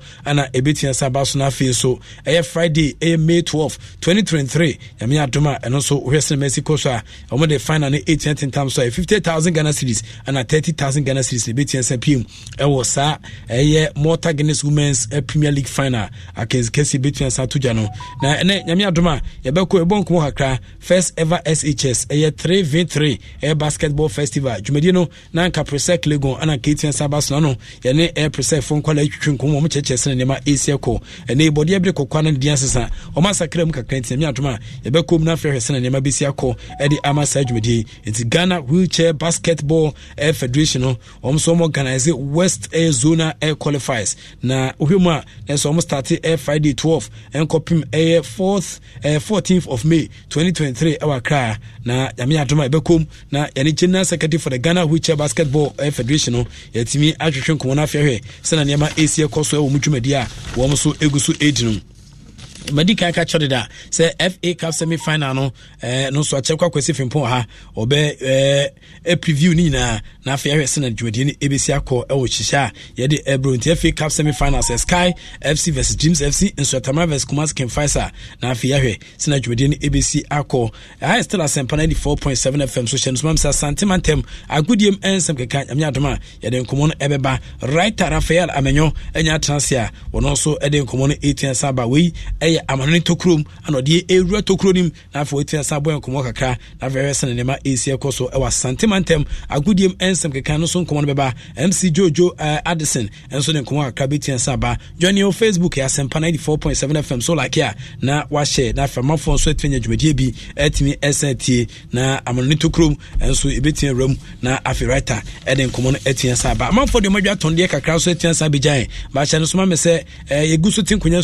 ɛyɛ friday ɛyɛ may 12 2023 nyame adom a ɛno nso wohwɛ sene masi kɔ so a ɔmo de final no 18 tentam so a 50000 ghana series ana 30000 ghana series na ɛbɛtia nsa piem ɛwɔ saa ɛyɛ morta guinness womens eh, premier league final akɛsikɛsi ɛbɛtua nsa to gya no na ɛnɛ nyame adom a yɛbɛkɔ ɛbɔ nkɔmɔ kakra first ever shs ɛyɛ 3v3 ɛyɛ basketball festival dwumadie no na anka presec legon ana kɛtia nsa basona no yɛne ɛyɛ eh, presec fo nkɔla atwitwi nkɔmɔ ɔmo kyɛkyɛ sene nneɛma ɛsi ɛkɔ ɛnɛ ibɔdeɛ bere kɔ akɔkwa no deɛ sesa ɔma asakra mu kakra nti ɛmi adom a yɛbɛkɔ mu no afrɛ hwɛ sɛna nneɛma bɛsi akɔ de ama saa dwumadie nti ghana wheelchair basketball air federation no ɔm so ɔm organise west air zona air qualifiers na wohwɛ mu a ɛnso ɔm starte air friday 12 ɛnkɔpem ɛyɛ 4th 14 of may twenty 2023 ɛwɔ akra na yame adom a yɛbɛkɔm na yɛne general secretary for the ghana wheelchair basketball air federation no yɛtumi atwetwe nkɔmmɔ no afrɛ hwɛ sɛna nneɛma ɛsi ɛkɔ so ɛwɔ mu dwumadi a wɔn nso egu so edi no madi kan ka kyɛde da sɛ fa cup semi final no ɛɛ eh, no nso akyɛ kɔ akɔsi fimpo ha ɔbɛ ɛɛ eh, preview ne nyinaa na afei ahwɛ sɛnɛ dwumadie no ebesi akɔ ɛwɔ hyehyɛ a yɛde ɛburo nti fa cup semi final sɛ sky fc vs james fc nsuatama vs kumasi kemfaisa na afei ahwɛ sɛnɛ dwumadie no ebesi akɔ ayɛ still asɛmpa ninety four point fm so hyɛn nsoma misa santima ntɛm agodiem ɛnsɛm keka nyamia adoma yɛde nkɔmɔ no ɛbɛba raita rafael amenyo ɛnya atena se a wɔn nso ɛde nkɔmɔ no eighteen asa aba wei e ayɛ amano ne tokuro mu ana ɔde ɛwura tokuro no mu na afei wɔtumi asa abɔ nkɔmmɔ kakra na afei ɛhwɛ sɛ ne nneɛma ɛsi ɛkɔ so ɛwɔ asantema ntɛm agodiem ɛnsɛm keka no so nkɔmmɔ no bɛba mc jojo uh, addison ɛnso ne nkɔmmɔ kakra bɛtumi asa aba johnny o facebook yɛ eh, asɛmpa 94.7 fm so like na wahyɛ na afei amanfoɔ nso atumi anya dwumadie bi atumi ɛsɛn tie na amano ne tokuro mu ɛnso ɛbɛtumi awura mu na afei writer ɛde nkɔmmɔ no atumi asa aba amanfoɔ deɛ ɔmadwa atɔndeɛ kakra so atumi asa abɛgyae baahyɛ no so ma me sɛ ɛyɛgu eh, so te nkonnwa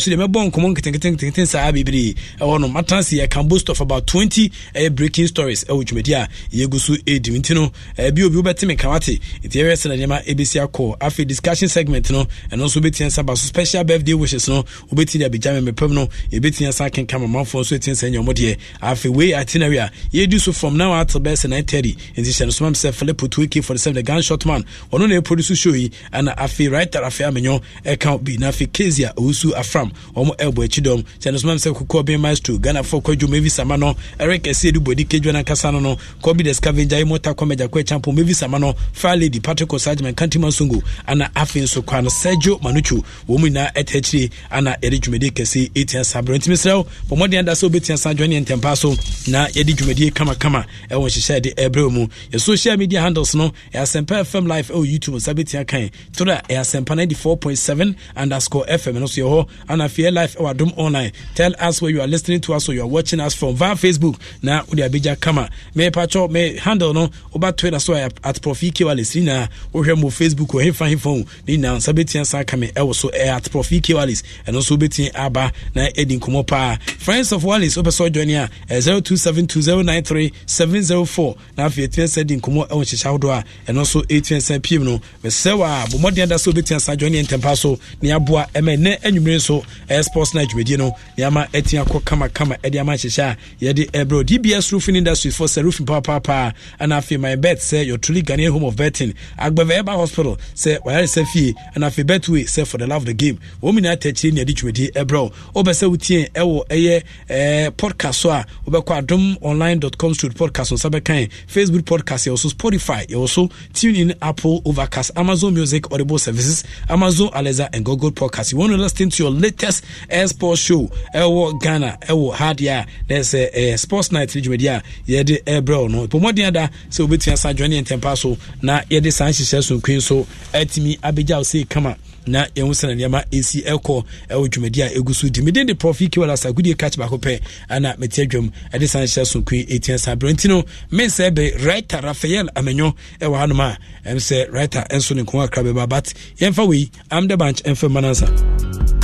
tenten saa bebree ɛwɔ no matan se yɛka boast of about 20 ɛyɛ breaking stories ɛwɔ dwumadi a yɛgu so ɛdim nti no bi obi wobɛte meka wate nti yɛwɛ sɛ na nneɛma ɛbɛsi akɔ afei discussion segment no ɛno nso wobɛtia nsa ba so special birthday wishes no wobɛtumi de abɛgya me mepɛm no yɛbɛtia nsa kenka mamanfoɔ nso ɛtia sɛ nyɛ ɔmo deɛ afei wei itinerary a yɛdi so from now until bɛyɛ sɛ 930 nti hyɛ no somam sɛ philip otueke 47 the gunshot man ɔno na ɛproduce show yi ana afei writer afei amenyɔ ɛka bi na afei kezi a afram ɔmo ɛbɔ akyi dɔm kyɛnosomam sɛ kokɔ bɛn maestro ghanafoɔ kwadwo mavi sama no eric ɛsɛ de bɔdi kedwa no ankasa no no kɔbi the scavenger mota kɔmagya kɔ akyampo mavi sama no fire lady patrick osagyeman kantima songo ana afei nso kwa no sergio manucho wɔn mu nyinaa ɛtɛ ana yɛde dwumadie kɛse ɛtia sa berɛ ntimi serɛ wo bɔ mmɔden ada sɛ wobɛtia sa dwane ntɛmpa so na yɛde dwumadie kamakama ɛwɔ nhyehyɛ de ɛbrɛ mu yɛ social media handles no ɛasɛmpa fm life ɛwɔ youtube nsa bɛtia kan toro a ɛyɛ asɛmpa 94.7 underscore fm no so yɛ hɔ ana afei live ɛwɔ adom online nine tell us where you are listening to us or you are watching us from via facebook na wode abɛgya kama mepatwɔ me handle no woba twitter so at prof ekwales ne wohwɛ mo facebook ɔ hefa hefa ho ne nyinaa nsa bɛtia sa ka ɛwɔ so ɛ eh, at prof ekwales ɛno nso wobɛtumi aba na ɛdi nkɔmmɔ paa friends of wales wopɛ sɛ ɔdwane a 0272093704 na afei ɛtumi sɛ di nkɔmmɔ ɛwɔ nhyehyɛ ahodoɔ a ɛno nso ɛtumi sɛ pim no mesɛ wɔ a bɔmmɔden ada sɛ wobɛtumi sa dwane ntɛmpa so ne aboa ɛma ɛnɛ anwummere nso ɛyɛ sports na adwumadie no no yɛama atia kɔ kamakama ɛde ama nhyehyɛ a yɛde ɛbrɛ dbs roofing industry for sɛ roofing papaapaa ɛna afei my bet sɛ your truly ghanaian home of betting agbɛvɛɛba hospital sɛ wayare sɛ fie ɛna afei betway sɛ for the love of the game wɔn nyinaa tɛkyerɛ ne yɛde dwumadie ɛbrɛ wo wobɛ sɛ wotie ɛwɔ ɛyɛ ɛɛ podcast so a wobɛkɔ adom online dot com street podcast nsa bɛkan facebook podcast yɛwɔ so spotify yɛwɔ so tune in apple overcast amazon music audible services amazon alexa and google podcast you wan lis ten to your latest air show show ɛwɔ ghana ɛwɔ hadeɛ a na ɛsɛ eh, ɛyɛ sports night ne dwumadi a yɛde ɛbrɛ wo no mpɔmmɔden ada sɛ wobɛtumi asa dwɔne ntɛmpa so na yɛde saa nhyehyɛ sonkwi nso atumi abɛgya wo sɛ kama na yɛhu sɛ na nneɛma ɛsi ɛkɔ ɛwɔ dwumadi a ɛgu so di meden de prɔfi kewalasa gudie catch baako pɛ ana mete adwam ɛde san hyɛ sonkwe ɛtia sa berɛ nti no mensɛ bɛ writer rafael amanyɔ ɛwɔ hanom a ɛm sɛ writer ɛnso ne nkoa kra bɛba but yɛmfa wei am the banch ɛmfa mma no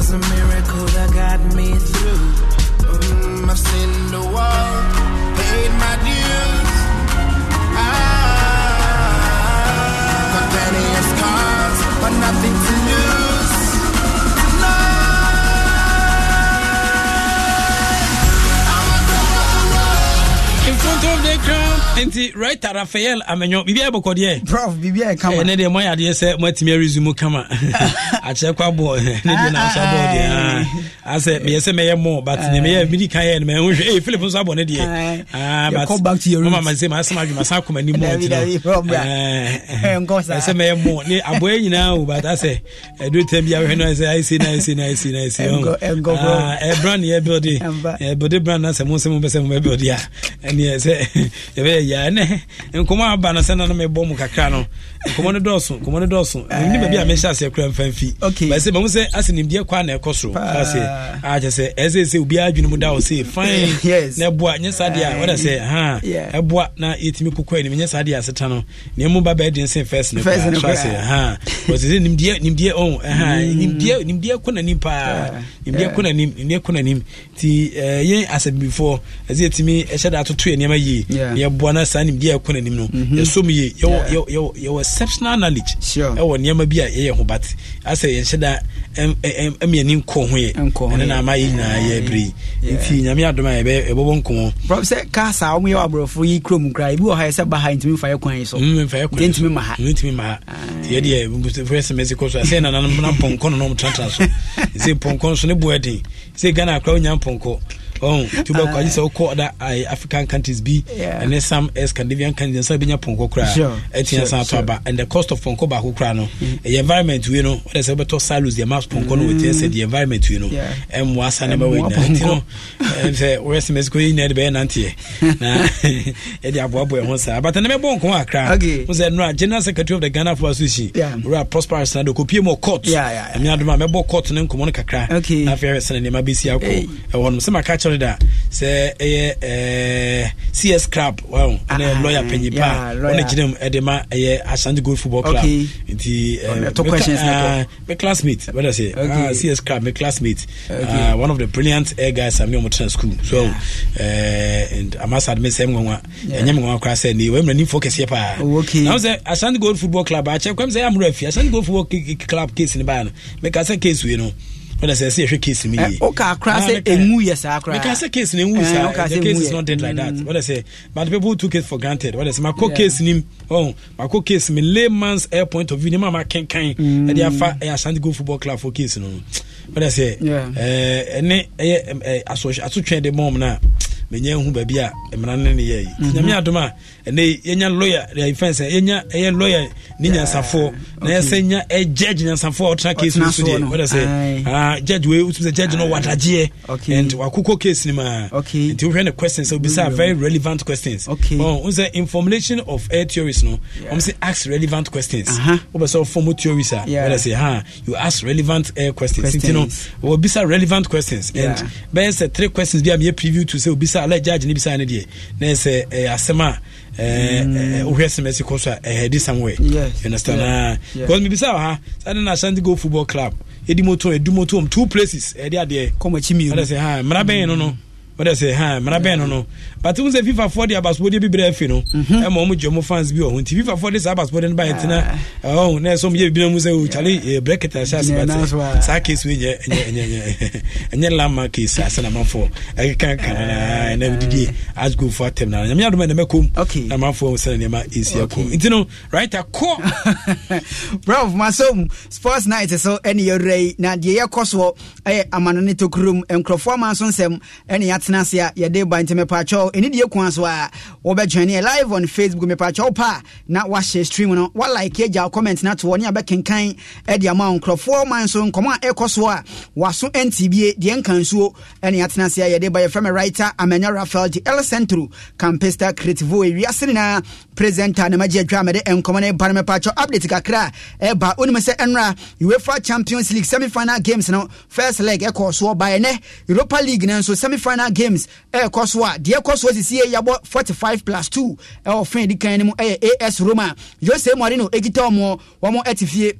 was a miracle that got me through. Mm, I've seen the world. nti right rafael amenyo biribia ɛbɔkɔ deɛ prof biribia ɛkama ɛne deɛ moayɛ adeɛ sɛ moatumi aresumu kama [LAUGHS] akyerɛ kɔ abɔ ne deɛ naasa bɔ deɛ asɛ meyɛ sɛ mɛyɛ mɔ but deɛ meyɛ medi ka yɛ no mɛho hwɛ ee philip nso abɔ ne deɛ mama [LAUGHS] sɛ maasɛm adwuma sa akoma ni mu ɛsɛ mɛyɛ mɔ ne aboɛ nyinaa o but asɛ ɛduru tɛm bi ahwɛ no ɛsɛ ayɛse no ayɛse no ayɛse no ayɛse ɛbrand yɛ build yɛ build brand na sɛ mo sɛ mo bɛ sɛ mo bɛ build a ɛneɛ sɛ [LAUGHS] yɛbɛyɛ biara ɛnɛ nkɔmɔ aba no sɛ nana mebɔ mu kakra no nkɔmɔ no dɔɔso nkɔmɔ no dɔɔso ɛni baabi a mehyɛ aseɛ kura mfa mfi bɛsɛ mahu sɛ ase nimdeɛ kwa na ɛkɔ soro ase akyɛ sɛ ɛsɛ sɛ obiara adwene mu da wo sɛ fine [LAUGHS] na ɛboa nyɛ saa deɛ a wɔda sɛ ha ɛboa na yɛtumi kokɔ anim nyɛ saa deɛ aseta no na ɛmu ba bɛɛden sen fɛs ne kora sɛ ha wɔsɛ sɛ nimdeɛ nimdeɛ ɔn oh, ɛha mm. nimdeɛ nimdeɛ kɔ n'anim paa nimdeɛ kɔ n'anim nimdeɛ kɔ n'anim nti ɛyɛn eh, asɛbibifoɔ ɛsɛ yɛtumi ɛhyɛ da atoto yɛ nneɛma yie yɛboa no anaa saa nimdeɛ ɛkɔ n'anim no mhm. yɛsom yie yɛwɔ exceptional knowledge ɛwɔ nneɛma bi a yɛyɛ ho bat asɛ yɛnhyɛ da ɛmiani nkɔ ho yɛ ɛne na ama yɛ nyinaa yɛ bere nti nyame adom a yɛbɛbɔ nkɔmmɔ prɔf sɛ ka saa wɔm yɛ aborɔfo yi kurom koraa ebi wɔ ha yɛ sɛ ba ha ntumi mfa yɛ kwan so mfa yɛ kwan ntumi ma ha ntumi ma ha nti yɛdeɛ fɛ sms kɔ so a sɛ nananom na pɔnkɔ no nom tenatena so [LAUGHS] sɛ pɔnkɔ nso ne boɔ den sɛ ghana akora wonya pɔnkɔ oh to ba ah. kwaji sɛ wokɔ da uh, african countries bi ɛne some scandinavian countries sɛ bɛnya pɔnkɔ koraa ɛtia san ato aba and the cost of pɔnkɔ baako koraa no ɛyɛ mm-hmm. environment wei no wɔde sɛ wobɛtɔ silos deɛ mas pɔnkɔ no wɔtia sɛ deɛ environment wei no ɛmmoa sa ne bɛwɔ nyinaa nti no sɛ wɔyɛ sɛ mexico yi nyinaa de bɛyɛ nanteɛ na yɛde aboaboa ho saa but ɛne mɛbɔ nko akra wo sɛ nora general secretary of the ghana football association wura prosperous na de kɔpie mu court ɛmeadoma mɛbɔ court ne nkɔmmɔ no kakra na afei ɛwɛ sɛ ne nneɛma bɛsi akɔ ɛwɔ nom sɛ maka kyerɛ asɔre da sɛ ɛyɛ cs crab wow ah, ɛnɛ ah, lawyer ah, panyin pa ɔne gyina mu ɛde ma ɛyɛ asante gold football club nti eh, my classmate what i say ah cs crab my classmate uh, one of the brilliant air guys am ne ɔmo tena school so amasa adumɛ sɛm ngonwa ɛnyɛ mi ngonwa kora sɛ ne wɔyɛ mìíràn nifo kɛseɛ paa na sɛ asante gold football club akyɛ kɔmi sɛ yɛ amuro afi asante gold football club case ni baa no mɛ kasa case wei no wọ́n sẹ́ sí ẹ̀hwẹ́ case mi eh, yìí. ó kà á kura ah, sẹ́ ẹ̀ngu yẹ sá kura. mi kà sẹ́ case ni ẹ̀ngu sá the case is not dead like that wọ́n mm. sẹ́ but people took it for granted wọ́n sẹ́ ma kó case ni ọ̀hún oh, ma kó case mi layman's air point of view ni ma ma kankan ẹ̀dí mm. afa ẹ̀yà e Ashanti go Football Club for case nù wọ́n sẹ́ ẹ̀ẹ́ni eh, ẹ̀yẹ eh, asotwe ẹ̀dẹ̀ mọ́ọ̀mù náà mẹ̀nyẹ́ ehun baabi a mìíràn ní ni yẹ yìí mm-hmm. nyàmí àdùmá ɛnɛ yɛnya lawyer yɛfɛn sɛ yɛnya ɛyɛ lawyer ne nyansafoɔ na yɛsɛ nya ɛ eh, judge nyansafoɔ a ɔtena case no ah, so deɛ wɔde sɛ aa judge wei wotum sɛ judge no wadagyeɛ and wakokɔ case no mu a nti wohwɛ ne questions obisa very relevant questions ɔn oh, sɛ information of air theories no wɔn sɛ ask relevant questions wɔbɛ sɛ ɔfɔm theories a wɔde sɛ ha you ask relevant air questions nti no wɔbisa relevant questions and bɛyɛ sɛ three questions bi a mi yɛ preview to sɛ obisa alɛ judge ne bisa ne deɛ na yɛ sɛ ɛyɛ eh, asɛm a wohwɛ eh, eh, mm. sms kɔ so a ɛhɛdi eh, somewhere yes. you understand ah, wɔ ha sade na ashanti go football club ɛdi motom ɛdu motom two places ɛde adeɛ kɔmakyi mi mmara bɛn no no mm. wɔdɛ sɛ ha mmara no no but wo sɛ fifa foɔ de abasoɔdeɛ bi berɛ afi no ɛma ɔmo gye fans bi wɔ ho nti fifa foɔ de saa abasoɔdeɛ no ba yɛ tena ɛhɔ na ɛsɛ ɔmo yɛ bibi mu sɛ ɔkyale brɛkɛt ahyɛ ase bat saa case wei nyɛ nyɛ nyɛ lama case asɛ na manfoɔ ɛkeka kana na didie asgofoɔ atɛm na nyame adoma ɛnɛmɛ kom na manfoɔ sɛ nneɛma ɛsi akɔ nti no right akɔ bravo masom sports night so ɛne yɛwura yi na deɛ yɛkɔ soɔ ɛyɛ amano ne tokurom nkurɔfoɔ ama nso nsɛm ɛne yɛatena ase a yɛde ba ntemɛpaakyɛw ɛni deɛ kwan so a wɔbɛtwɛne live on facebook mepakyɛ wo pa a na wahyɛ stream no walike agya comment no atoɔ ne a bɛkenkan de ama wo nkurɔfoɔ man so nkɔmmɔ a ɛkɔ so a waso ntibie deɛ nka nsuo ɛne atena ase a yɛde ba yɛfrɛ me writer amanya rafael de el centro campista creativo ewiase nyinaa presenter ne magye adwa mede nkɔmmɔ ne ba no mepakyɛ update kakra a ɛba wonim sɛ ɛnora uefa champions league semi final games no first leg ɛkɔɔ soɔ ba ɛnɛ europa league no nso semi final games ɛɛkɔ so a deɛ ɛkɔ so sisie yɛabɔ 45 plus 2 ɛwɔ fa di kan no mu ɛyɛ as roma jose morino ɛkita ɔmo wɔmo ɛte fie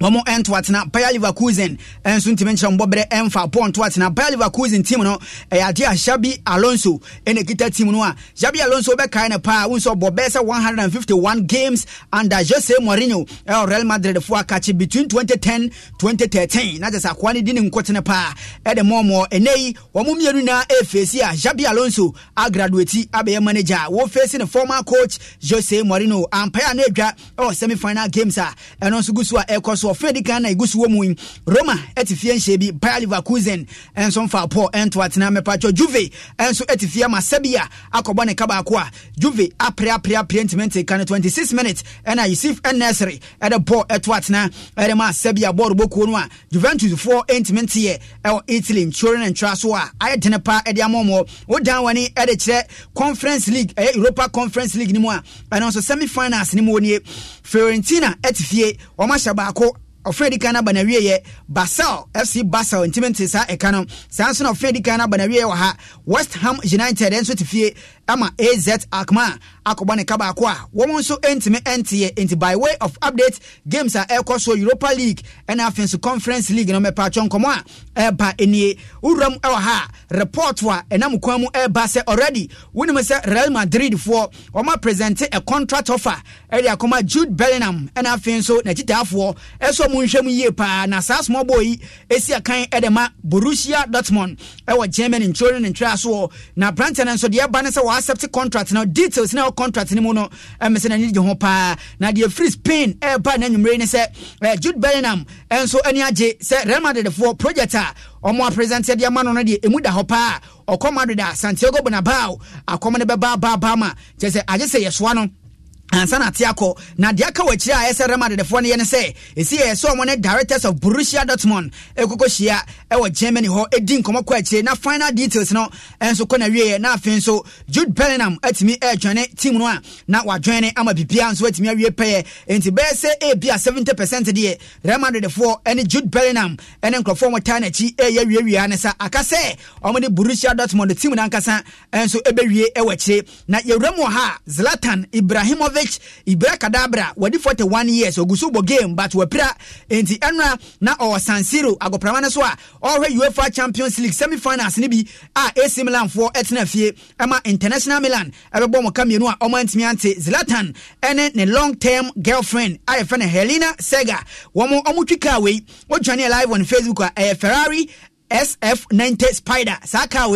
wɔn ɛnto atena bayer leverkusen ɛnso ntumi nkyerɛ wɔn bɔbɛrɛ ɛnfa pɔn to atena bayer leverkusen team no ɛyɛ adeɛ a xabi alonso ɛna kita team no a ah. xabi alonso bɛkae ne paa wɔn nso ɔbɔ sɛ one games under jose mourinho ɛwɔ eh, real madrid fo akakye between 2010-2013, twenty thirteen na kyerɛ sɛ akoa ne di ne nkotene paa ɛde mɔmɔ ɛnɛ yi wɔn mmienu na efeesi a eh, eh, xabi alonso agraduati abɛyɛ manager wɔfeesi ne former coach jose mourinho ampaya ne edwa ɛwɔ oh, semi final games a ah. ɛno nso gu so a ɛkɔ so nso ɔfrɛ di kan na egu wɔ mu yi roma ɛte fie nhyɛ bi bayer leverkusen nso nfa paul ɛnto atena mɛpatwɔ juve nso ɛte fie ama sɛbia akɔbɔ ne ka baako a juve apre apre apre ntimente ka no six minutes ɛna yusuf ɛnɛsere ɛde bɔɔl ɛto atena ɛde ma sɛbia bɔɔl bɔ kuo no a juventus foɔ ntimente yɛ ɛwɔ italy ntwere ne ntwa so a ayɛ dene pa ɛde ama wɔn wodan wɔn ani ɛde kyerɛ conference league ɛyɛ europa conference league ni mu a ɛno nso semi finals ni mu wɔ nie fiorentina ɛte fie wɔn ahyɛ baako ɔfrɛ di kan na banawieɛ basel fc basel ntimi nte saa ɛka no saa nso na ɔfrɛ di kan na banawieɛ wɔ ha west ham united nso te fie ama az akma akɔbɔ ne ka baako a wɔn nso ntumi nteɛ nti by way of update games a ɛrekɔ so europa league ɛna afei nso conference league na mɛpa atwɛ nkɔmɔ a ɛreba nie wuram ɛwɔ ha a report a ɛnam kwan mu ɛreba sɛ already wɔnim sɛ real madrid foɔ wɔn apresente a contract offer ɛde akɔma jude bellingham ɛna afei nso n'akyitaafoɔ ɛsɔ mu nhwɛ mu yie paa na saa small boy yi esi akan ɛde ma borussia dortmund ɛwɔ germany ntwere ne ntwere asoɔ na aberanteɛ no nso deɛ ɛba ne sɛ wɔ accept contract now details now contract ni mu no ɛmɛ eh, sɛ n'ani gye ho paa na deɛ free spain ɛɛba eh, n'anwumire ni sɛ ɛɛ eh, jude bellingham ɛnso ani agye sɛ real madrid foɔ project a ɔmo apresente deɛ ma no no deɛ emu da hɔ paa ɔkɔ madrid a santiago bonabao akɔm no ba baabaa ma kyerɛ se agye sɛ yɛsoa ansa na ate na deɛ aka wɔ akyire a ɛsɛ rema dedefoɔ no yɛ no sɛ ɛsi yɛ sɛ ɔmo ne directors of borussia dortmund ɛkokɔ hyia ɛwɔ germany hɔ ɛdi nkɔmmɔ kɔ akyire na final details no ɛnso kɔ na wieɛ na afei nso jude bellingham atumi ɛɛdwane team no a na wadwene ama biribiaa nso atumi awie pɛyɛ enti bɛyɛ sɛ ɛbi a 70 percent deɛ rema dedefoɔ ɛne jude bellingham ɛne nkurɔfoɔ mo taa n'akyi ɛyɛ wiawia ne sa aka sɛ ɔmo ne borussia dortmund team no ankasa ɛnso ɛbɛwie ɛwɔ akyire na yɛwura mu ha zlatan ibrahimovic H Ibra Kadabra wadi 41 years so bɔ game but wapira nti ɛnura na ɔwɔ San Siro agɔprama no so a ɔrehwɛ UEFA Champions League semi-finals ne bi a AC Milan foɔ ɛtena fie ɛma International Milan ɛbɛbɔ mo ka mmienu a ɔmo ntumi ante Zlatan ene ne long term girlfriend I yɛfɛ no Helena Sega wɔn ɔmo twi we wei wɔtwa live on Facebook a Ferrari SF90 Spider saa kaa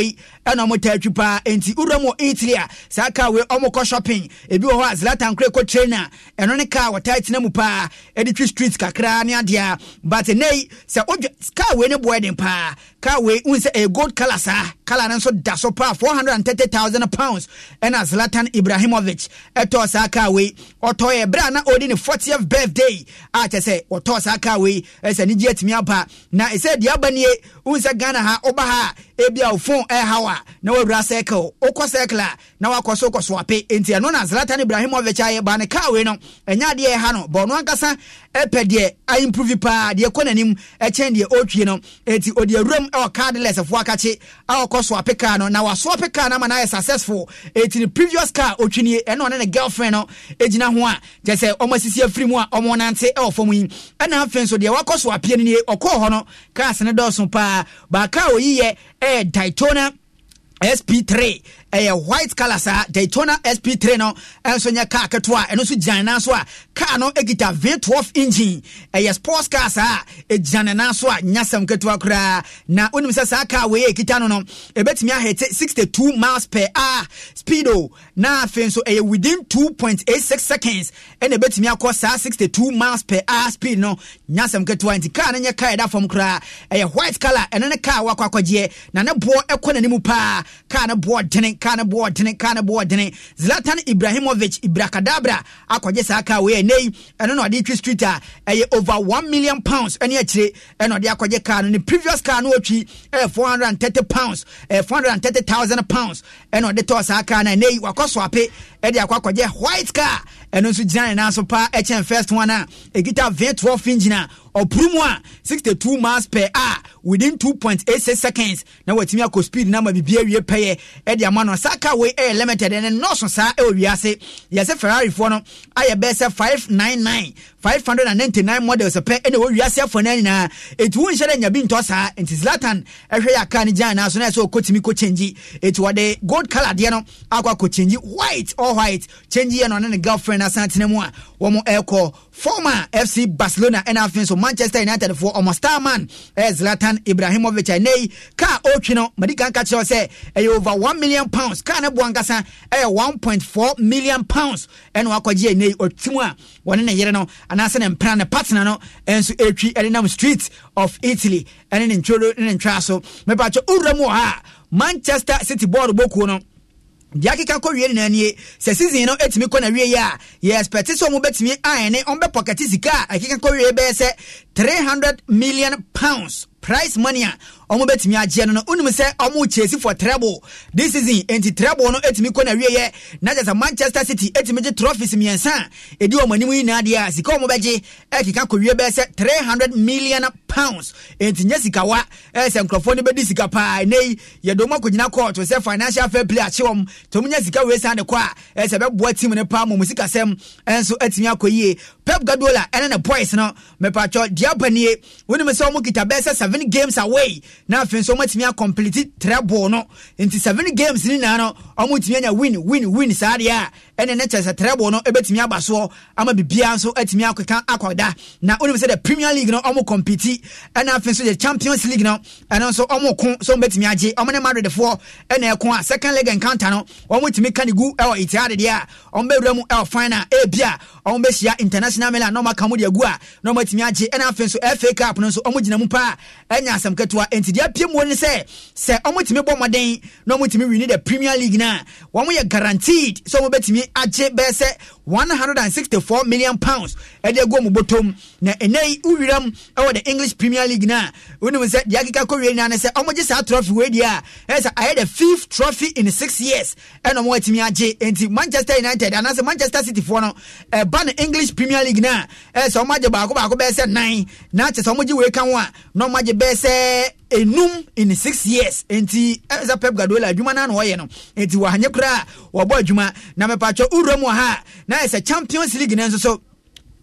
ɛna ɔmo taa atwi paa nti wuram wɔ italy a saa kaa wei ɔmo kɔ shopping ebi wɔ hɔ a zlatan kure kɔ train a ɛno ne kaa wɔtaa tena mu paa ɛde twi street kakra ne adeɛ but ɛnɛ yi sɛ odwa kaa wei ne boɛ den paa kaa wei n sɛ ɛyɛ gold colour saa colour no nso da so paa four hundred and thirty thousand pounds ɛna zlatan ibrahimovic ɛtɔɔ saa kaa wei ɔtɔɔ yɛ berɛ a na ɔdi ne fortieth birthday a kyɛ sɛ ɔtɔɔ saa kaa wei ɛsɛ ne gye atumi aba na ɛsɛ deɛ aba nie n sɛ ghana ha ɔba ha a ebi a phone ɛha eh, wa na wawura circle okɔ circle a na wakɔ so kɔ so ape nti ɛno na zlatan ibrahimovic ayɛ ba ne kaa wei no ɛnyɛ adeɛ ɛha no bɔ ɔno ankasa ɛpɛ deɛ aimprove paa deɛ kɔ n'anim ɛkyɛn deɛ ɔtwie no eti odi awuram ɛwɔ kaa de lɛsɛfo akakye a ɔkɔ so ape kaa no na waso ape kaa no ama no successful eti ne previous car otwinie ɛna ɔne ne girlfriend no egyina ho a kyɛ sɛ ɔmo asisi afiri mu a ɔmo nante ɛwɔ fam yi ɛna afei nso deɛ wakɔ so apea no nie ɔkɔɔ hɔ no cars ne dɔɔso paa baaka a oyi ɛyɛ Daytona SP3 ɛyɛ white colour saa daytona sp3 no ɛnso nyɛ car ketewa ɛno nso gyina ne nan so a car no kita v12 engine ɛyɛ sports car saa ɛgyina ne nan so a nyasɛm ketewa koraa na wonim sɛ saa car wei ɛkita no no ɛbɛtumi ahɛte 62 miles per hour speedo na afei nso ɛyɛ within 2.86 seconds ɛna ɛbɛtumi akɔ saa 62 miles per hour speed no nyasɛm ketewa nti car no nyɛ car ɛda fam koraa ɛyɛ white colour ɛno ne car wakɔ akɔgyeɛ na ne boɔ ɛkɔ n'anim paa car ne boɔ dene ka no boɔ ɔdene zlatan ibrahimovic ibrakadabra akɔgye saa ka wei ɛnɛ yi ɛno na ɔde twi street a ɛyɛ over 1 million pounds ɛne akyire ɛna ɔde akɔgye car no ne previous car no ɔtwi ɛyɛ 430 pounds ɛyɛ 430000 pounds ɛna ɔde tɔɔ saa car no ɛnɛ yi wakɔ so ape ɛde akɔ akɔgye white car ɛno nso gyina ne nan so paa ɛkyɛn first one a ɛkita v12 engine a ɔpuru mu a 62 miles per hour within two point eight six seconds na watumi akɔ speed na ma biribi awie pɛyɛ ɛde ama no saa car wei ɛyɛ limited ɛne nɔɔso saa ɛwɔ wiase yɛsɛ ferrarifoɔ no ayɛ bɛɛ sɛ 599 nine, models pɛ ɛna ɛwɔ wiase afɔ no nyinaa ɛti wonhyɛ dɛ nya bi ntɔ saa nti zlatan ɛhwɛ yɛ car no gyina ne nan so na ɛsɛ ɔkɔtumi kɔkyɛngyi ɛti wɔde gold colour deɛ no akɔ akɔkyɛngyi white or all white change yɛ no ne girlfriend asan tena mu a wɔn ɛrekɔ former fc barcelona ɛna afei nso manchester united foɔ ɔmo starman ɛyɛ eh, zlatan ibrahimovic a ɛnɛ yi kaa ɔretwi no madi kan ka sɛ ɛyɛ over one million pounds kaa ne bo ankasa ɛyɛ one point four million pounds ɛna wakɔgye ɛnɛ yi ɔti mu a wɔne ne yere no anaasɛ ne mpena ne partner no ɛnso ɛretwi eh, ɛde nam street of italy ɛne ne ntworo ne ne ntwa so mɛpɛ akyɛ owura oh, mu wɔ ha manchester city board bokuo no deɛ akeka kɔ wie nyinaa nie sɛ season no ɛtumi kɔ na wie yi a yɛ expect sɛ ɔmo bɛtumi ayɛne ɔmo pɔkɛte sika a akeka kɔ wie bɛyɛ sɛ three hundred million pounds price money a ɔmo bɛtumi agyeɛ no no wonim sɛ ɔmo kyesi for treble this season enti treble no ɛtumi kɔ na wieɛ na kyɛ manchester city ɛtumi gye trophies mmiɛnsa a ɛdi ɔmo anim nyinaa deɛ a sika ɔmo bɛgye ɛkeka kɔwie bɛɛ sɛ 300 million pounds enti nyɛ sikawa ɛyɛ sɛ nkurɔfoɔ no bɛdi sika e paa ɛnɛ yi yɛde ɔmo akɔgyina kɔɔto sɛ financial fair play akye wɔm tom nyɛ sika wei san de kɔ a ɛyɛ e sɛ bɛboa team no paa mɔmu sikasɛm ɛnso e ɛtumi akɔ yie pep gadola ɛne ne boys no mepatwɔ diabanie wonim sɛ ɔmo kita bɛɛ sɛ games away na so nso ɔmatumi akɔmplete trɛbol no nti seven games ne naa no ɔmatumi anya win win win saa deɛ a ɛne ne kyɛ sɛ trɛbo no ɛbɛtumi aba soɔ ama biribiara nso atumi akeka akɔda na wonim sɛ the premier league no ɔmo compete ɛna afei nso the champions league no ɛno nso ɔmo ko so ɔmbɛtumi agye ɔmo ne madridfoɔ ɛna ɛko a second leg encounter no ɔmo tumi ka ne gu ɛwɔ itiade deɛ a ɔmbɛwura mu ɛwɔ final ebi a ɔmo bɛhyia international milan na ɔmo aka mo de agu a na ɔmo atumi agye ɛna afei nso fa cup no nso ɔmo gyina mu paa ɛnya asɛm ketewa nti deɛ apue mu ne sɛ sɛ ɔmo tumi bɔ mmɔden na ɔmo tumi wini the premier league na wɔn yɛ guaranteed sɛ ɔmo bɛtumi agye bɛɛ sɛ 164 million pounds ɛde agu mu bɔtɔm na ɛnɛ yi wuram ɛwɔ the english premier league na wonim sɛ deɛ akeka kɔ wie nyinaa ne sɛ ɔmogye saa trophy wei e deɛ a ɛyɛ sɛ ayɛ the fifth trophy in six years ɛna e ɔmo atumi agye e nti manchester united anaasɛ manchester city foɔ no ɛba no english premier league na ɛyɛ sɛ ɔmo agye baako baako bɛyɛ sɛ nan na kyɛ sɛ ɔmogye wei ka ho a na ɔmo agye bɛyɛ sɛ enum in six years nti ɛsɛ pep gadola adwuma naa na ɔyɛ no nti wɔanyɛ koraa wɔbɔ adwuma na mɛpatwɛ wuram wɔ ha na na a champions league no nso so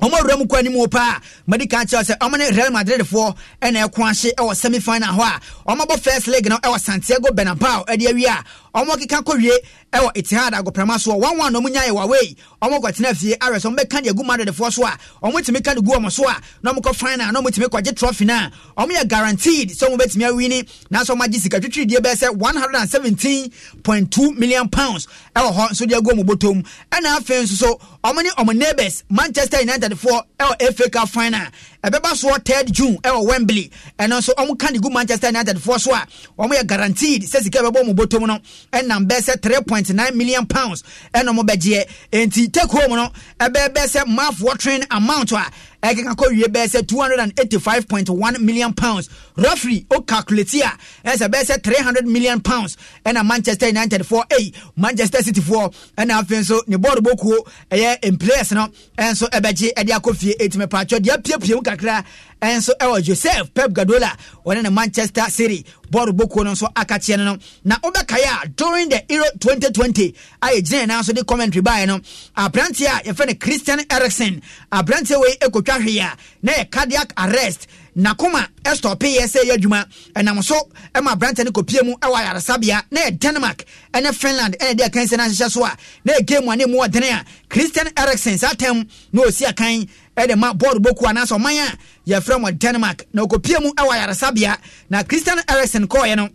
ɔmo awura mu kɔ anim wɔ paa madi kan kyerɛ sɛ ɔmo ne real madrid foɔ ɛna ɛko ahye ɛwɔ semi final hɔ a ɔmo abɔ first leg no ɛwɔ santiago bernabeu ɛde awie ɔmo keka kɔwie ɛwɔ itihad agoprama soɔ wɔn wɔn a ɔmo nya yɛ wɔwei ɔmo kɔ tena fie arɛ so ɔmo bɛka deɛ gu madrɛdefoɔ so a ɔmo tumi ka de gu ɔmo so a na ɔmo kɔ final na ɔmo tumi kɔgye trɔfi na ɔmo yɛ guaranteed sɛ ɔmo bɛtumi awi ni nanso ɔmo agye sika twitwi deɛ bɛyɛ sɛ one hundred and seventeen point two million pounds ɛwɔ hɔ nso deɛ gu ɔmo bɔtɔ mu ɛna afei nso so ɔmo ne ɔmo neighbours manchester united foɔ ɛwɔ fa cup final ɛbɛba soɔ third june ɛwɔ wembley ɛno nso ɔmo ka ne gu manchester united foɔ so a ɔmo yɛ guaranteed sɛ sika ɛbɛbɔ mu bɔtɔm no ɛnam bɛɛ sɛ three point nine million pounds ɛna ɔmo bɛgyeɛ nti take home no ɛbɛɛ bɛɛ sɛ maafoɔ train amount a ɛkeka kɔ wie bɛɛ sɛ 285.1 million pounds referee o calculate a ɛsɛ bɛɛ sɛ 300 million pounds ɛna manchester united foɔ a manchester city foɔ ɛna afei nso ne bɔɔdo bɔkuo ɛyɛ players no ɛnso ɛbɛgye ɛde akɔ fie ɛtumi paatwɔ deɛ apiapia mu kakra ɛnso ɛwɔ joseph pep gadola wɔne ne manchester city bɔɔl bokuo no nso aka kyerɛ no no na wobɛkaeɛ a during the euro 2020 a yɛgyina yɛnaa so de commentary baeɛ no aberanteɛ a yɛfrɛ no christian erikson aberanteɛ wei ɛkɔtwa hwee a na yɛ cardiac arrest nakoma ɛstɔpe yɛ sɛ yɛ adwuma ɛnam so ɛma aberante no kɔpie mu ɛwɔ ayaresabea na yɛ denmark ɛne finland ɛne deɛ kan sɛ no ahyehyɛ so a na yɛ game a ne mu ɔdene a christian erikson saa tam na ɔsi akan ɛde ma bɔɔl boku anaasɛ ɔman a yɛfrɛ mo denmark na ɔkɔpie mu ɛwɔ ayaresabea na christian erikson kɔɔeɛ no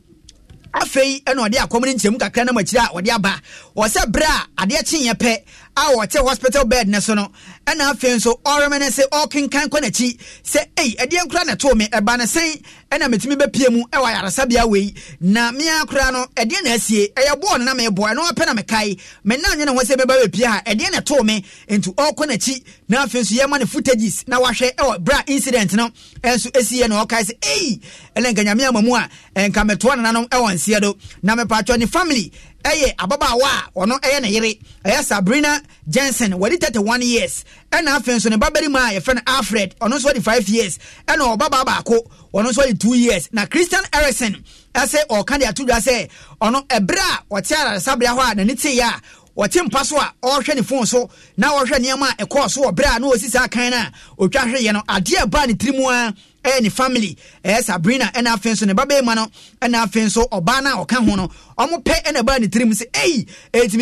afei ɛna ɔde akɔm no nkyɛmu kakra no makyiri a ɔde aba ɔsɛ berɛ a adeɛ kyeeɛ pɛ a wɔte hospital bed ne so no ɛna afei nso ɔremene se ɔkenkan kɔ n'akyi sɛ ei ɛdeɛ nkora na ɛtoo me ɛba ne sɛn ɛna metumi bɛpie mu ɛwɔ ayaresabea wei na mea koraa no ɛdeɛ na asie ɛyɛ bɔɔl no na meebɔ ɛno apɛ na mekae menna nyɛ ne ho sɛ mɛba bɛpie ha ɛdeɛ na ɛtoo me nti ɔrekɔ n'akyi na afei nso yɛma ne footages na wahwɛ ɛwɔ berɛ a incident no ɛnso ɛsiiɛ na ɔkae sɛ ei ɛna nka nyame ama mu a ɛnka metoa nananom ɛwɔ nseɛ do na mepaatwɔ ne family ɛyɛ ababaawa a ɔno ɛyɛ ne yere ɛyɛ sabrina jensen wɔde 31 years ɛna afei nso ne babarima a yɛfrɛ no alfred ɔno nso de 5 years ɛna ɔbabaa baako ɔno nso de 2 years na christian erison ɛsɛ ɔka de ato dwa sɛ ɔno ɛberɛ a ɔte adaresabea hɔ a n'ani teeɛ a wɔte mpa so a ɔrehwɛ ne phone so na ɔrehwɛ nneɛma a ɛkɔɔ so wɔ berɛ a na ɔsi saa kan no a ɔtwa hweyɛ no adeɛ ɛbaa ne tiri mu ara ɛyɛ eh, ne family ɛyɛ eh, sabrina ɛna eh, afei nso ne babɛɛma no ɛna afei nso ɔbaa na ɔka ho no ɔmo pɛ ɛna ɛbaa ne tirim sɛ ɛyi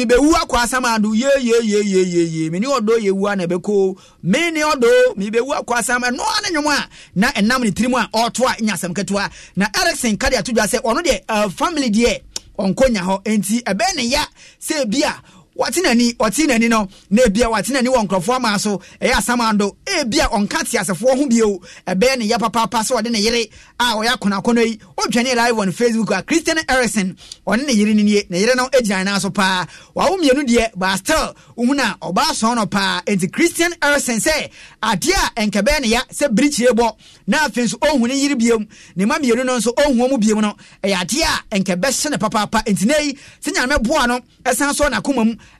bɛ wu akɔ asam ado yeyeyeyeyeye mene ɔdɔ yɛwu a na ɛbɛkɔ mene ɔdɔ mebɛwu akɔ asam ɛno a ne nwom a na ɛnam ne tirim a ɔɔto a nya asɛm ketewa na ericson ka de dwa sɛ ɔno deɛ ɛɛ family deɛ ɔnkɔ nya hɔ enti ɛbɛɛ ne ya sɛ ebia. wɔte n'ani wɔte n'ani no na ebia wɔte n'ani wɔ nkurɔfoɔ ama so ɛyɛ asamando ebia ɔnka te asefoɔ ho bio ɛbɛyɛ ne yɛ papaapa so ɔde ne yere a ɔyɛ akonakɔnɔ yi ɔdwane live on facebook a christian erikson ɔne ne yere nie ne yere no gyina e ne so paa wawo mmienu deɛ bastel ohun a ɔbaa sɔn no paa nti christian erikson sɛ adeɛ a nkɛbɛɛ ne ya sɛ birikyire bɔ na afei nso ohun ne yere biom ne ma mmienu no nso ohun wɔn mu biom no ɛyɛ adeɛ a nkɛbɛ hyɛ ne papaapa nti ne yi sɛ nyame boa no ɛsan so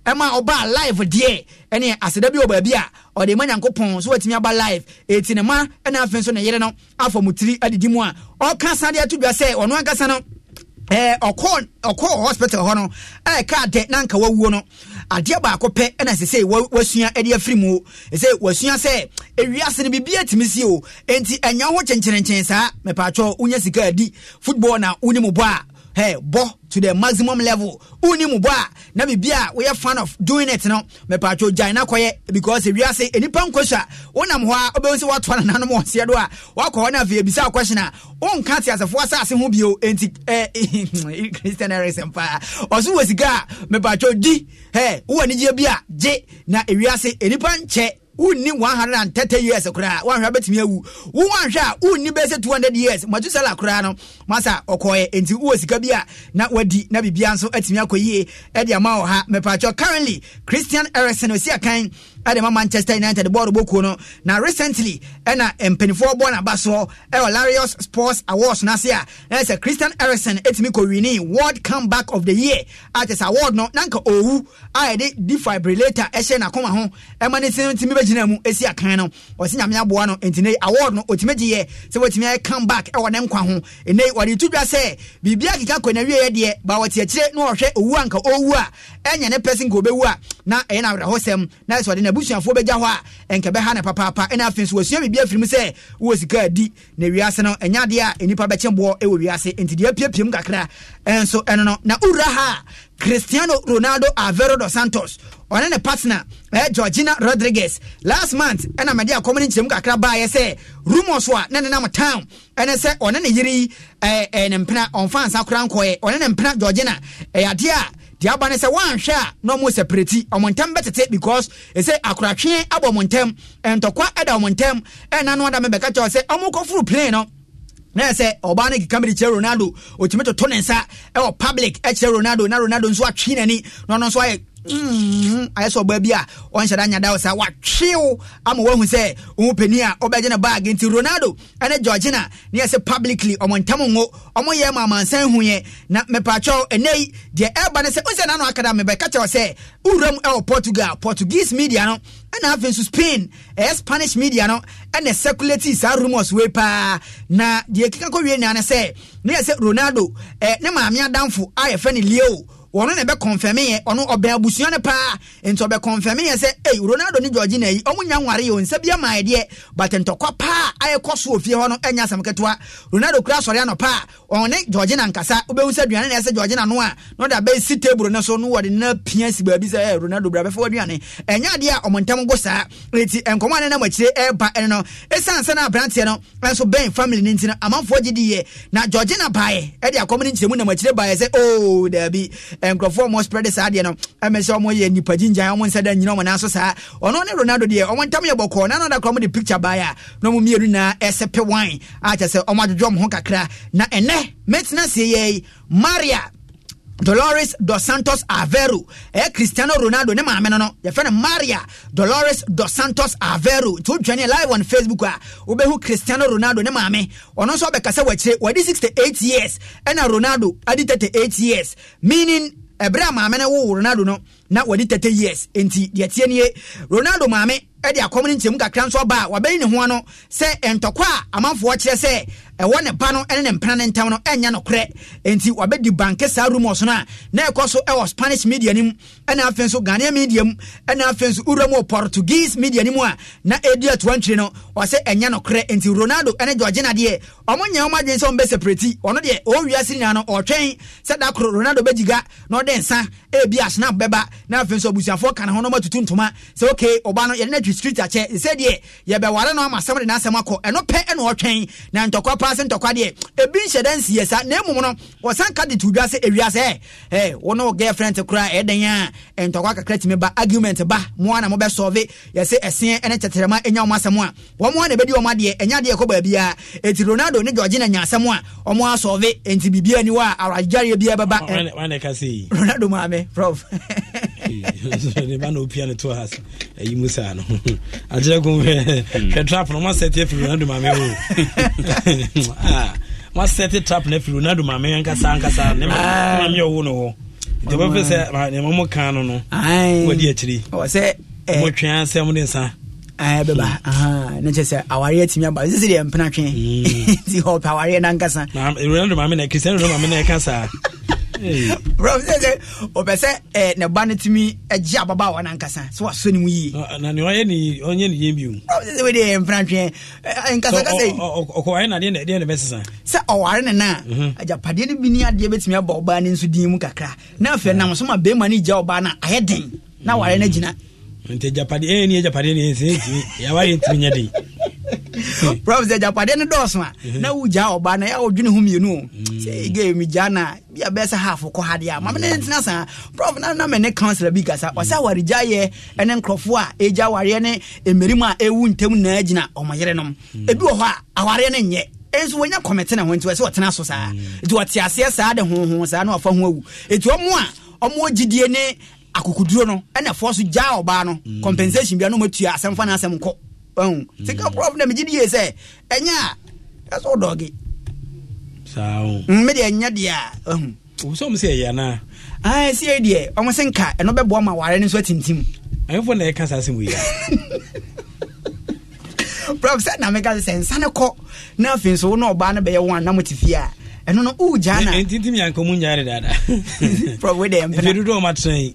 ɛma ɔba live deɛ ɛne aseda bi wɔ baabi a ɔde ma nyankopɔn so watumi aba live ɛti ne ma ɛna afei nso ne yere no afa mu tiri adidi mu a ɔka sa deɛ ato dwa sɛ ɔno ankasa no ɔkɔɔ e, hospital hɔ no ɛka e, adɛ na anka wawuo no adeɛ baako pɛ ɛna sɛ sɛ wasua de afiri mu e sɛ wasua sɛ ewiase no biribi atumi si o enti ɛnyɛ ho kyenkyerenkyere saa mepatwɔ wonya sika adi football na wonim bɔ a hey, bɔ to the maximum level wonni mu bɔ a na biribi a woyɛ fan of doing it no mepatwo gyae na kɔyɛ because ewiase nnipa nkɔ so a wonam hɔ a wobɛhu sɛ woatoa nananom ɔseɛ do a woakɔ hɔ no afei ebisa question a wonka teasefoɔ asase ho bio enti eh, eh, [LAUGHS] christian erison paa ɔso wɔ sika a mepatwo di hey, wowɔ anigyeɛ bi a gye na ewiase nnipa nkyɛ wonni 130 years koraa woanhwɛ bɛtumi awu wo woanhwɛ a wonni bɛɛ sɛ 200 years matusala koraa no masa ɔkɔɛ enti wowɔ sika bi a na wadi na biribia nso atumi akɔ yie ɛde ama wɔ ha mepatwɔ currently christian erison ɔsi akan ɛde ma manchester united bɔɔdo bɔkuo no na recently ɛna mpanimfoɔ bɔ n'aba soɔ ɛwɔ larios sports awards n'ase a ɛyɛ sɛ christian eriksen etimi kɔ winning world comeback of the year a kyerɛ award no nanka owu a yɛde defibrillator ɛhyɛ n'akoma ho ɛma ne sin tumi bɛgyina mu esi akan no ɔsi nyame aboa no ntina award no otumi gye yɛ sɛ wɔtumi ayɛ comeback ɛwɔ ne nkwa ho ene wɔde tu dwa sɛ biribi akeka kɔ na wie deɛ ba wɔte akyire na wɔhwɛ owu anka owu a ɛnyɛ ne pɛsin ka obewu a na ɛyɛ na na ɛsɛ ɔde na abusuafoɔ bɛgya hɔ a nkɛ bɛha ne papaapa ɛna afei nso wɔasua biribi afiri mu sɛ wowɔ sika adi na wiase no ɛnyɛ adeɛ a nnipa bɛkye boɔ wɔ wiase nti deɛ apiepiam kakra ɛnso ɛno no na wowura ha a cristiano ronaldo avero dos santos ɔne ne partner eh, georgina rodriguez last month ɛna mede akɔm no nkyerɛmu kakra baeɛ sɛ rumors so a ne nenam town ɛne sɛ ɔne ne yere yi eh, eh, ne mpena ɔmfa ansa kora nkɔɛ ɔne ne mpena georgina ɛyɛ eh, adeɛ a deɛ aba ne sɛ woanhwɛ a na ɔmo sɛprɛti ɔmo ntɛm bɛtete because ɛsɛ akoratwee abɔ ɔmo ntɛm ntɔkwa ɛda ɔmo ntɛm ɛna no ada mebɛka kyɛw sɛ ɔmo kɔforo plane no na sɛ ɔbaa no keka mede kyerɛ ronaldo ɔtumi toto ne nsa ɛwɔ public ɛkyerɛ ronaldo na ronaldo nso atwee n'ani na ɔno nso ayɛ ayɛ sɛ ɔbaa bi a ɔnhyɛ nyada wo watwew ama woahu sɛ ɔmu pani a ɔbɛgye ne nti ronaldo ɛne georgina ne yɛsɛ publicly ɔmo ntam ngo ɔmoyɛ ma amansan na mepaakyɛw ɛnɛyi deɛ ɛba no sɛ wosɛ nano akada mebɛka kyɛw sɛ wowuram ɛwɔ portugal portuguese media no ɛna afei nso spain ɛyɛ spanish media no ɛna circulate saa rumors wei paa na deɛ keka kɔwie sɛ ne yɛ sɛ ronaldo wɔno na ɛbɛkɔnfɛme yɛ ɔno ɔbɛn abusua ne paa nti ɔbɛkɔnfɛme yɛ sɛ ei ronaldo ne george na yi ɔmo nya nware yɛ nsa bi ama deɛ but ntɔkwa paa ayɛ kɔ so ofie hɔ no ɛnya asɛm ketewa ronaldo kura asɔre ano paa ɔne george na nkasa wobɛhu sɛ aduane na ɛsɛ george na no a na ɔde abɛsi table no so no wɔde na pia si baabi sɛ ɛ ronaldo bra bɛfa waduane ɛnyɛ adeɛ a ɔmontam go saa ɛti nkɔmmɔ a ne nam akyire ɛreba ɛne no ɛsiane sɛ no aberanteɛ no ɛnso bɛn family no nti no amanfoɔ gye di yɛ na george na baeɛ ɛde akɔm ne nkyerɛmu nam akyire baeɛ sɛ o oh, daabi nkurɔfoɔ ɔmo spread saa deɛ no ɛmɛ sɛ ɔmo yɛ nipa gyingyan ɔmo nsa da nyina ɔmo nanso saa ɔno ne Ronaldo deɛ ɔmo ntam yɛ bɔkɔɔ na anadakora ɔmo de picture baeɛ a na ɔmo mmienu nyinaa ɛsɛ pe wan a kyerɛ sɛ ɔmo adwodwo ɔmo ho kakra na ɛnɛ mɛtena sie yɛ maria dolores dos santos avero eh cristiano ronaldo ne maame no no yɛfɛ no maria dolores dos santos avero nti wodwane live on facebook a wobɛhu cristiano ronaldo ne maame ɔno nso ɔbɛkasa wakyire wade 68 years ɛna ronaldo ade 38 years meaning ɛberɛ a maame no wo ronaldo no na wade 30 years enti deɛteɛ nie ronaldo maame ɛde akɔm no nkyɛmu kakra nso ɔba a wabɛyi ne ho ano sɛ ɛntɔkwa a amanfoɔ kyerɛ sɛ ɛwɔ ne ba no ne ne mpena ne ntam no ɛnyɛ nokorɛ enti wabɛdi banke saa rumors no a na ɛkɔ so ɛwɔ spanish media no mu ɛna afei nso ghanaian media mu ɛna afei nso wura mu wɔ portuguese media no mu a na ɛdi atoa ntwere no ɔsɛ ɛnyɛ nokorɛ nti ronaldo ne george na deɛ ɔmo nyɛ wɔn adwene sɛ wɔn bɛsɛ preti ɔno deɛ ɔwɔ wiase nyinaa no ɔtwɛn sɛ dakoro ronaldo bɛgyiga na ɔde nsa ebi asena bɛba na afei nso abusuafoɔ ka ne ho na ɔma ntoma sɛ okay ɔba no yɛde no atwi street akyɛ sɛdeɛ yɛbɛware no ama asɛm de n'asɛm akɔ ɛno pɛ ɛna ɔtwɛn na ntɔkwa paa sɛ ntɔkwa deɛ ebi nhyɛ dɛ nsiyɛ sa na emu no wɔsan ka de tu dwa sɛ ewia sɛ ɛ wɔn wɔ girlfriend koraa ɛdɛn a ntɔkwa kakra tumi ba argument ba mo a na mo bɛ sɔɔve yɛsɛ ɛsɛn ɛne tɛtɛrɛma enya wɔn asɛm a wɔn a na ebedi wɔn adeɛ ɛnya adeɛ kɔ baabi a eti ronaldo ne george na nya asɛm a wɔn asɔɔve nti bibi aniwa awuragyare bi ɛbɛba ronaldo maame aduane prof neba na opia no to ha so ayi mu saa no akyerɛ [LAUGHS] ko hmm. hwɛ trap no moasɛte afiri ronaldo maame ho [LAUGHS] ah, moasɛte trap no afiri ronaldo maame ankasa ankasa ne ah. maame ɔwo no hɔ nti wobɛfɛ sɛ nɛma mo ka no no wadi akyiri sɛ eh, motwea asɛm ne nsa bɛba hmm. ne kyɛ sɛ awareɛ atumi aba sɛ sɛ deɛ mpena twe hmm. [LAUGHS] nti hɔpɛ awareɛ no ankasa ronaldo maame na christiano ronaldo maame na ɛka saa bro sɛ sɛ ɔpɛ sɛ ne ba no tumi agye ababaawa no ankasa sɛ wasɔ ne mu yie na ne ɔyɛ ne ɔnyɛ ne yɛn bio sɛ wede mfrantwɛ nkasakasɛɔkɔware na deɛ ne bɛsesa sɛ ɔware ne no a mhm. agyapadeɛ no bi ne adeɛ bɛtumi aba ɔbaa no nso din mu kakra na afei nam ni ma bɛrima no gya ɔbaa no ayɛ den na ware no nti agyapadeɛ ɛni eh, agyapadeɛ ne ɛnsɛ ntimi yɛwa yɛ ntimi nyɛ den prof sɛ agyapadeɛ no dɔɔso a na wogyaa ɔba na yɛa wodwene ho mmienu o mm. sɛ ɛgɛ megyaa no a bia bɛɛ hafo kɔ hadeɛ a mamene mm. ntena saa prof na na mene counsellor bi kasa ɔsɛ mm. awaregyaeɛ ɛne nkurɔfoɔ a ɛgya awareɛ ne mmarimu a ɛwu ntam naa gyina ɔmɔyerenom ebi wɔ hɔ a awareɛ no nyɛ ɛnso wɔnya kɔmete ne ho nti wɔsɛ wɔtena so saa nti wɔte aseɛ saa de hoho saa na wɔfa ho awu ɛti ɔmo a ɔmo gyidie ne akokuduro no ɛna ɛfoɔ so gyaa ɔbaa no mm. compensation bia na ɔmatua asɛm fa no asɛm nkɔ mm. sika prof na megye die sɛ ɛnyɛ a ɛsɛ wodɔɔge mm, mede ɛnyɛ deɛ a ɛhu wosɛm sɛ ɛyɛ anaa ae sɛ deɛ ɔmo se nka ɛno bɛboa ma ware no so atintim ɛmfo na ɛka saa asɛm wei prof [LAUGHS] sɛ na meka sɛ nsa ne kɔ na afei nso wo na ɔbaa no bɛyɛ wo a na mote fie a ɛno no na ntintim yɛnkɔ mu daadaa prof [LAUGHS] wei deɛ [LAUGHS] mpena ɛfiri dodoɔ matena yi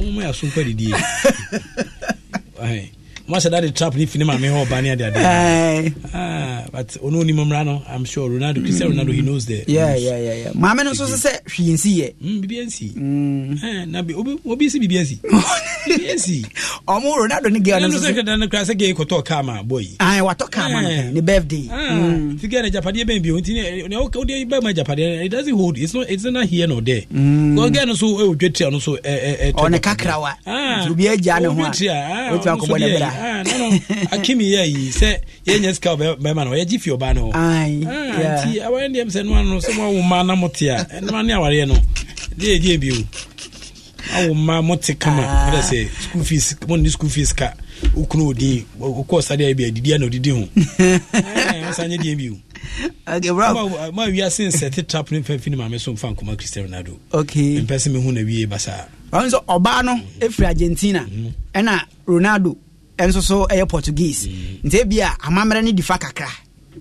ɔmo yɛ asom pa didie mo asɛ dade trap ne fini maame hɔ ɔba ne ade ade but ɔno onim mmara no i'm sure ronaldo cristiano ronaldo he knows the yeah yeah yeah yeah maame no nso sɛ hwee nsi yɛ biribi ansi na obi si biribi ansi yesi ọmọ ronaldo ni gay ọdún sọsọ ẹnu kura sẹ gay kò tọ kaa ma bọ yìí. ayi ah, wa tọ kaa ma eh. ni birthday. sigi ẹni japadeɛ bɛ yen bi o ti ni o de bɛ ma japadeɛ it doesn't hold it's not it's not here nor there. Mm. kò gay ni so o jẹ tia ni so ɛ ɛ. ɔni kakra wa obi ɛ ja ni ho a o ti ma ko bɔ ne bira. akimi yɛ yi sɛ yɛ nyɛ sika bɛɛ ma na o yɛ ji fi o ba ni o. ayi nti awa yɛn deɛ misɛn nua no sɛ mo awo ma na mo tia ɛnuma ni awari yɛ no de yɛ di ebi o. awo mma mote kama ɛdɛ ah. sɛ school fees mɔne school fees ka wokunu odin wokɔɔ sade a bi adidi ana odidi ho [LAUGHS] eh, ɔsa nyɛ deɛ bio ma wia sen sɛte trap no mfa fini maame so mfa nkɔma cristiano ronaldo okay. mpɛ sɛ mehu na wiye basaa ɔno sɛ mhm. ɔbaa no ɛfiri argentina ɛna mhm. ronaldo ɛnso so ɛyɛ portuguese mhm. nti ebia amammerɛ no di fa kakra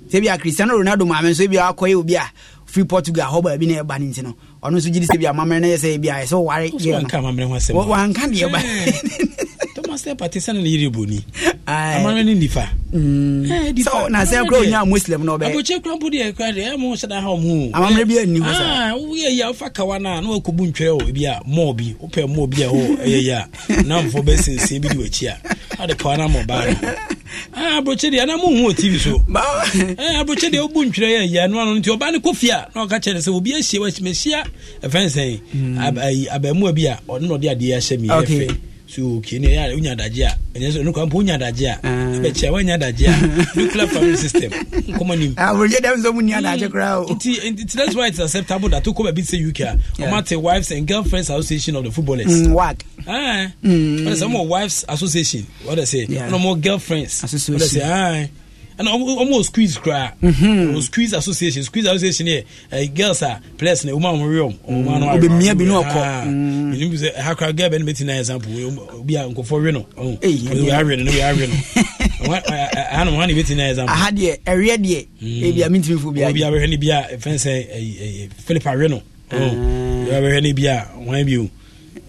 nti ebia cristiano ronaldo maame nso ebia akɔyɛ obi a firi portugal hɔ ebi na ɛba no nti no ɔno nso gye sɛ bi amammerɛ no yɛ sɛ bi a ɛsɛ woware wanka deɛ ba master party sani ne yiri boni amame ne nifa mm. eh, sɛ na sɛ kura onya muslim na ɔbɛ abɔkyɛ kura mpo deɛ kura deɛ ɛmu hyɛda ha ɔmu amammerɛ bi anni hɔ saa ah, woyɛ yi a wofa kawa no a na wakɔbu ntwerɛ wɔ bi a mɔɔ bi wopɛ mɔɔ bi a hɔ ɛyɛ yi a [LAUGHS] namfoɔ bɛsensie bi de wakyi a ade kawa no ama ɔbaa no ah, abrokyere ana mu hu tv so eh, abrokyere obu ntwerɛ yɛ yɛ no ano o ɔba ne kɔ fie a na ɔka kyerɛ sɛ obi ahyia wahyia ɛfɛn sɛn mm. abɛmua bi a ɔno na ɔde adeɛ ahyɛ mi yɛ fɛ so kìíní ẹ̀yà rẹ̀ ọ̀nyà àdàjẹ́ à ẹ̀yẹ sọ ẹ̀nukọ̀ mpọ̀ ọ̀nyà àdàjẹ́ à ẹ̀bẹ̀ kyẹ́ wọ́n ẹ̀nyà àdàjẹ́ à nuclear family system nkọ́mọ ni mu. àwòrán yẹn dẹ́mu sọ mu ní àdàjẹ́ kura o. nti nti that's why it's acceptable that o kọ́ bẹ̀bi sẹ́ UK a ọmọ àti wives and girlfriends association of the footballers. Mm, wag. ọ̀dẹ̀ ah. mm. sẹ́ wives association ọ̀dẹ̀ sẹ́ ọmọ girlfriends ọ̀dẹ̀ sẹ́ ɛna ɔmo wɔ squeeze koraa mm-hmm. wɔ squeeze association squeeze association yɛ ɛɛ eh, girls a players na ɔmo a ɔmo real ɔmo ma mm. no ara obemia bi n'ɔkɔ ɛnim sɛ ha koraa girl bɛ ne bɛ ti na example obi a nkɔfɔ we no ɔmo obi a no obi a we no ɛha no wɔn na bɛ ti na example aha deɛ ɛwia deɛ ebi a mi ntumi fo bi a deɛ obi a wɛhɛ bi a fɛn sɛ ɛyi philip awe no ɔmo oh, ah. obi a wɛhɛ ne bi a wɔn bi o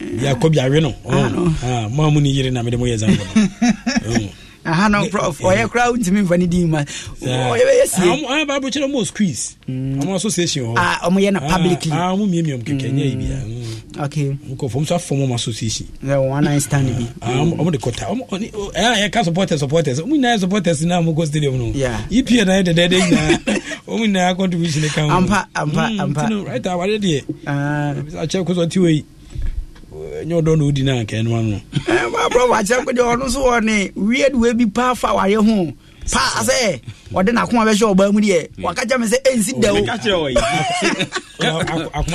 bi a kɔ bi awe no ɔmo maa mu ni yiri na mi de mo yɛ example [LAUGHS] oh aha na ɔyɛ koraa wontumi mfa ne din ma ɔyɛbɛyɛ siebaabo kyerɛ mɔ squees ɔmo association hɔ ɔmo yɛ na publicly mo miamiam kɛkɛ nyɛ yi bia okay nkɔfɔm so afɔm ɔmo association one night stand bi ɔmo ah, de kɔta ɛyɛ yɛka supporters supporters ɔmo nyinaa supporters na ɔmo kɔ stadium no epia e na yɛ dɛdɛdɛ nyinaa [LAUGHS] ɔmo nyinaa contribution e ka ho ampa ampa mm, ampa nyɛ ɔdɔ na odi no anka ɛnoa no eh, brɔfo akyerɛ ko deɛ ɔno so wɔ ne weird wei bi paa fa wareɛ ho paa sɛ ɔde nakoma bɛhyɛ ɔbaa mu deɛ mm. waka kyɛ me sɛ ɛnsi da oakoma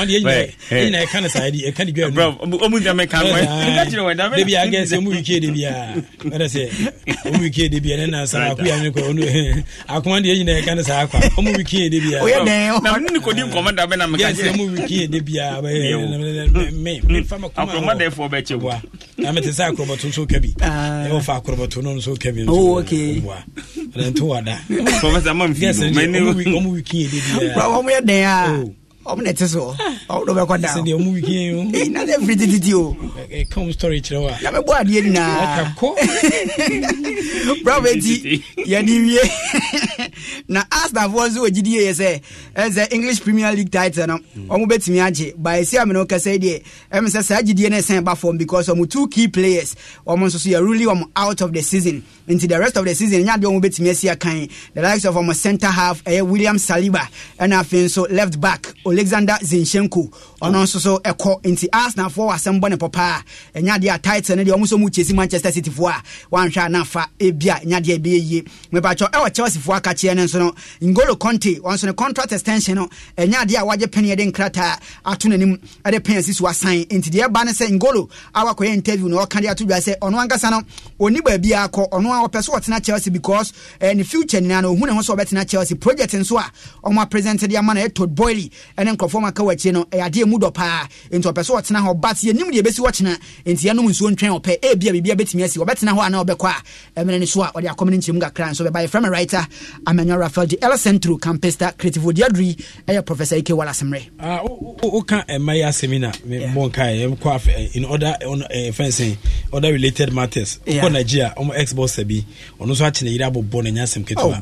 deɛ nyinaa ah, mete sɛ akorɔbɔto nso ka bi ah. ɛwɔfa akorɔbɔto no nso ka bi nso oh, rɛnto wada ɔmɛ wiki yɛ de bi ɔmɛ yɛ dɛn a ɔmo eh, na ɛte so ɔmo na ɔbɛkɔ da sɛdeɛ ɔmo wiki yɛn o ee na ne firi tititi o ɛka ɔmo story kyerɛ wa na mɛbɔ adeɛ nyinaa ɛka kɔ bravo eti yɛde wie [LAUGHS] na arsenalfoɔ nso wɔ gyidie yɛ sɛ e ɛsɛ english premier league title no hmm. ɔmo bɛtumi agye ba esi amina kɛse deɛ ɛmu e sɛ saa gyidie ne sɛn ba fam because ɔmo two key players ɔmo nso so yɛ really ɔmo out of the season nti the rest of the season nyaade ɔmo bɛtumi asi akan the likes of ɔmo centre half ɛyɛ e william saliba ɛna afei nso left back. Alexander Zinchenko ɔno nso so ɛkɔ nti arsenalfoɔ wasɛm bɔ ne pɔpaa ɛnya deɛ a title no deɛ ɔmo so mu kyesi manchester cityfoɔ a wanhwɛ anafa ebia nya deɛ ɛbɛyɛ yie mebakyɛ ɛwɔ chelseafoɔ aka kyeɛ no nso no ngolo conte ɔnso ne contract extension no ɛnya deɛ a wagye pene de nkrataa ato n'anim ɛde pene asi so asan nti deɛ ɛba no sɛ ngolo awakɔyɛ interview na ɔka de ato dwa sɛ ɔno ankasa no ɔni baabi akɔ ɔno a ɔpɛ so ɔtena chelsea because ɛɛ future nyinaa no ɔhu ne ho sɛ ɔbɛtena chelsea project nso a ɔmo apresent de ama no ɛtɔ boily ɛne nkurɔfoɔ ma ka wɔ akyire no ɛyɛ adeɛ mu dɔ paa nti ɔpɛ so ɔtena hɔ but yɛnim deɛ ɛbɛsi wɔkyena nti yɛnom nsuo ntwɛn ɔpɛ ebia biribia bɛtumi asi ɔbɛtena hɔ anaa ɔbɛkɔ a ɛmene ne so a ɔde akɔm no nkyɛmu kakra nso bɛba yɛfrɛ me writer amanya rafael de elcentro campesta creative odiadri ɛyɛ professor ike wala semmerɛ ah, woka ɛma yi asɛmi na mbɔnkaɛ ɛmkɔ eh, in other eh, fencing other related matters wokɔ nigeria ɔmo xboxer bi ɔno nso akyena yere abobɔ no ɛnyɛ asɛm ketewa oh.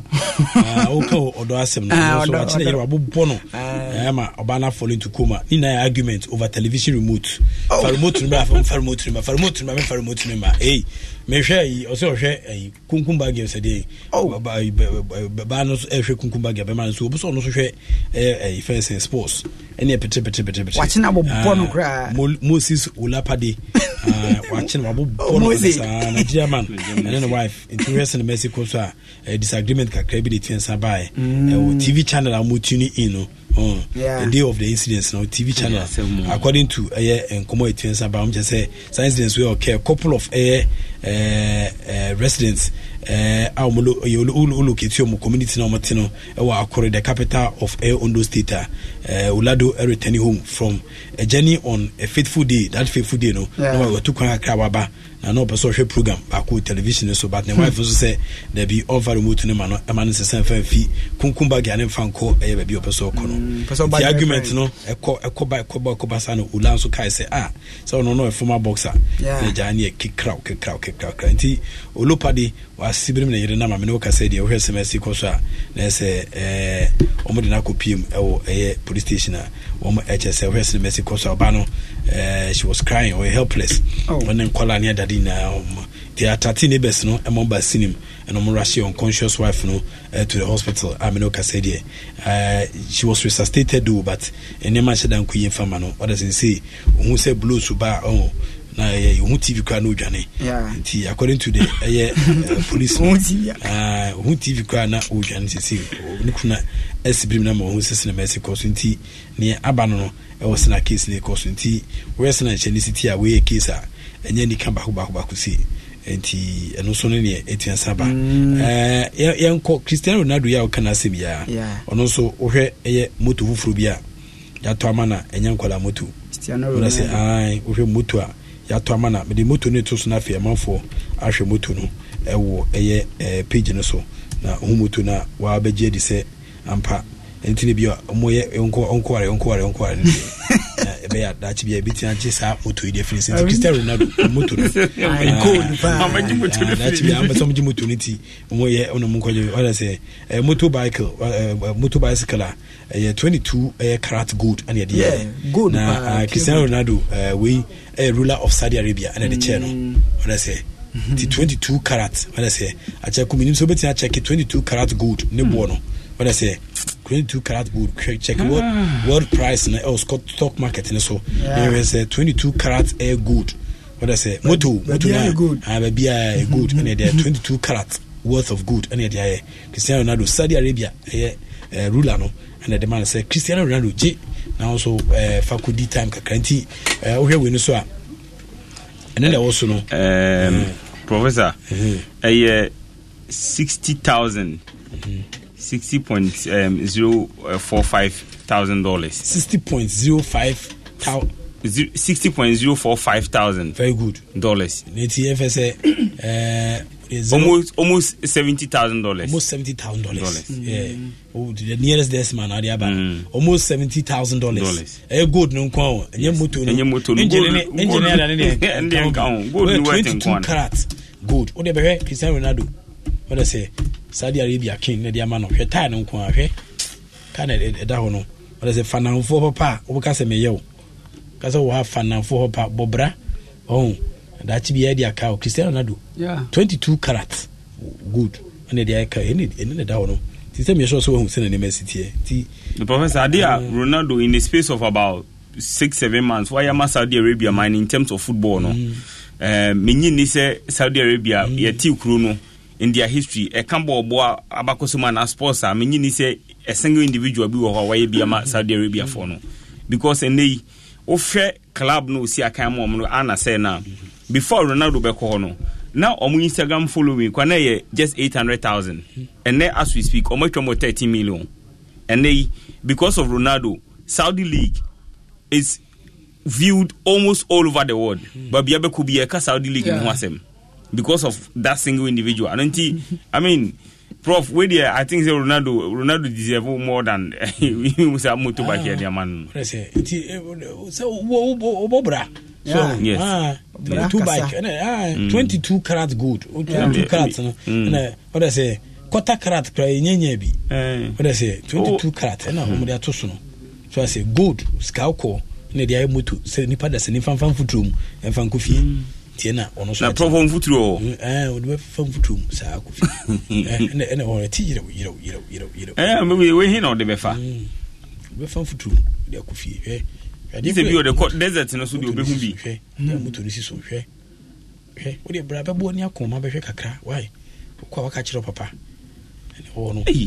ah, woka ɔdɔ asɛm no [LAUGHS] ah, nso akyena yere wabobɔ no ɛma ɔba no afɔle into ne nyinaa an argument over television remote oh. fa remote no bra fa remote no fa remote no ma remote no ma ei mehwɛ yi ɔsɛ ɔhwɛ ɛyi kunkun baagi ɛsɛ deɛ oh. baa no ɛhwɛ kunkun baagi abɛma no so obi so hwɛ ɛɛ ɛyi fɛnsɛn sports ɛne ɛpɛtɛ pɛtɛ pɛtɛ pɛtɛ wakye na wabɔ no koraa moses olapade ah, wakye na bɔ no koraa nigeria man ɛne ne wife nti hwɛ sɛ ne mɛsi kɔ so a disagreement kakra bi de tiɛnsa baeɛ mm. ɛwɔ tv channel a mo tune in no. Mm. the day of the incident, now tv channel yeah, mm. according to ɛyɛ nkɔmɔ etuensa ba ɔmkyɛ sɛ saa incidents wey ɔkɛ couple of ɛyɛ ɛɛ ɛɛ residents ɛɛ a wɔn lo ɛyɛ oloketi wɔn community na wɔn ti no ɛwɔ akɔrɔ the capital of ɛyɛ ondo state a ɛɛ olado returning home from a journey on a faithful day that faithful day no na wɔn a wɔtu kwan akra waba ana ɔpɛ sɛ ɔhwɛ program baako television so but ne hmm. wife nso sɛ dabi ɔmfa remote no ma no ɛma no sɛ sɛ mfa mfi kunkum bag a ne mfa nkɔ ɛyɛ baabi ɔpɛ sɛ ɔkɔ no hmm, nti argument no ɛkɔ ɛkɔ ba ɛkɔ ba ɛkɔ ba saa no ola nso kae sɛ a ah, sɛ ɔno no ɛfoma boxer ne gyaa ne yɛ kekraw kekraw kekraw kekraw nti olopade wasibiri mu na yere nama wo kasa deɛ wohwɛ sms kɔ so a na ɛsɛ eh, ɔmo de no akɔ piem ɛwɔ ɛyɛ police station a wɔm ɛkyɛ sɛ wohwɛ sms kɔ so a ɔba no eh, she was crying ɔyɛ helpless oh. ɔne nkɔla ne adade nyinaa ɔma nti atate neighbors no ɛma ba sinim ɛno ɔmo rahye unconscious wife no eh, to the hospital a mene wo kasa deɛ uh, she was resuscitated though but nneɛma ahyɛ da nkɔ yie fama no ɔda sɛ sɛ ɔhu sɛ blows ba a ɔho na ɛyɛ ohun tv kora na odwane nti according to the ɛyɛ [LAUGHS] eh, police no ohun tv kora na odwane sisi ne kuna ɛsi birim na ma ohun sisi na ma ɛsi kɔ so nti nea aba no no ɛwɔ sena case ne kɔ so nti wɔyɛ sena nkyɛn ne si ti a wɔyɛ case a ɛnyɛ nika baako baako baako si nti ɛno nso no neɛ ɛtua sa ba mm. eh, yɛnkɔ cristiano ronaldo yi a wɔka n'asɛm yi a ɔno nso wohwɛ ɛyɛ moto foforɔ bi a yɛatɔ ama na ɛnyɛ nkɔla moto wona sɛ wohwɛ moto a yɛatɔ ama na mede moto no ɛto so no afei amanfoɔ ahwɛ moto no ɛwɔ ɛyɛ ɛɛ page no so na ɔho moto no a waabɛgye adi sɛ ampa ɛnti no bi a ɔmɔyɛ ɔnkɔware ɔnkɔware ɔnkɔware no [LAUGHS] ɛbɛyɛ adakye bia ɛbɛtumi agye saa moto yi deɛ firi sɛ nti cristiano ronaldo [LAUGHS] moto no adakye bia ambɛ sɛ mogye moto ah, no ah, ti moyɛ wona mo nkɔgye ɔdɛ sɛ moto bicycle moto bicycle a ɛyɛ 22 ɛyɛ carat gold ɛne ɛde yɛ na ah, cristiano ronaldo eh, wei ɛyɛ eh, ruler of saudi arabia ɛne ɛde kyɛɛ no ɔdɛ sɛ nti 22 carat ɔdɛ sɛ akyɛ kɔminim sɛ wobɛtumi akyɛke 22 carat gold ne boɔ hmm. no wọ́n dẹ̀ sẹ́ twenty two carat gold check ah. world world price na ɛwɔ oh, scott stock market ni so ɛyɛ wɛ sɛ uh, twenty two carat air gold wọ́n dẹ̀ sɛ moto moto na baabi a gold ɛna ɛdɛ twenty two carat worth of gold ɛna ɛdɛ ayɛ Cristiano Ronaldo Saudi Arabia ɛyɛ uh, ɛɛ uh, ruler no ɛna ɛdɛ ma no sɛ Cristiano Ronaldo gye na nso ɛɛ fakodi time kakra nti ɛɛ wohwɛ wei ni so a ɛne na ɛwɔ so no. professor ɛyɛ mm-hmm. sixty thousand. Mm-hmm sixty point um, zero uh, four five thousand dollars. sixty point zero five thousand. sixty point zero four five thousand. very good. dollars. n'eti yẹn uh, almost almost seventy thousand dollars. Almost seventy thousand dollars. Yeah. Oh, the nearest decimal now they are mm. Almost seventy thousand dollars. Eh, good no kwa. Enye moto no. Enye moto no. Engineer engineer na ne. Gold no worth in kwa. Gold. O de be Cristiano Ronaldo wɔde sɛ saudi arabia king ne de ama no hwɛ taa no nko a hwɛ kaa na ɛda hɔ no wɔde sɛ fanamfoɔ hɔ pa a wɔbɛka sɛ meyɛ wo ka sɛ ha fanamfoɔ hɔ pa bɔbra ɔho daakye bi yɛde aka o cristiano ronaldo yeah. 22 carat gold ɛne de ayɛka ɛne ne da hɔ no ti sɛ meyɛ sɛ sɛ wahu sɛne nneɛma sitiɛ nti professor ade a ronaldo in the space of about six seven months wayɛ ma saudi arabia man in terms of football no mm. uh, menyi ni sɛ saudi arabia mm. yɛte kuro no in their history ɛka bɔɔboa abakɔsɛm anaa sports a menyini sɛ a single individual bi wɔ hɔ a wayɛ bi ama saudi arabia foɔ no because ɛnɛ yi wohwɛ club no osi akan mu ɔmo no ana sɛ na before ronaldo bɛkɔ hɔ no na ɔmo instagram following kwa na yɛ just eight hundred thousand ɛnɛ as we speak ɔmo atwa mo thirteen million ɛnɛ yi because of ronaldo saudi league is viewed almost all over the world baabi abɛkɔ bi yɛ ka saudi league yeah. ho asɛm because of that single individual. And until, I mean, Prof, wait there. I think say Ronaldo, Ronaldo deserve more than [LAUGHS] we Musa Mutu back here, dear man. Ah, so, Bobra. So, yes. Ah, two bike, ah, uh, 22 karat gold, Twenty-two karat, oh, mm. what I say, quarter karat, nyenye bi, eh. what I say, Twenty-two karat, oh. na mm. omo dia to so no. So I say gold, scout call, na dia mutu, se ni da se fan fanfutu mu, fan kufi. Mm tiɛna ɔno nso ɛtɛ pɔpɔ nfuturo wɔ ɛɛ mm, eh, ɔde bɛ fa nfuturo mu saa kofi [LAUGHS] eh, ɛna ɛna ɔrɛ ti yɛrɛw yɛrɛw yɛrɛw yɛrɛw ɛɛ eh, mbɛ wuye wehin na ɔde bɛ fa mm, bɛ fa nfuturo de akɔ fie hwɛ yíṣe bi ɔde kɔ desert no so de obe hun bi moto ne si hwɛ hwɛ o de bra bɛbɔ ni akɔnma bɛhwɛ kakra waaye kɔ waka kyerɛ papa ɛna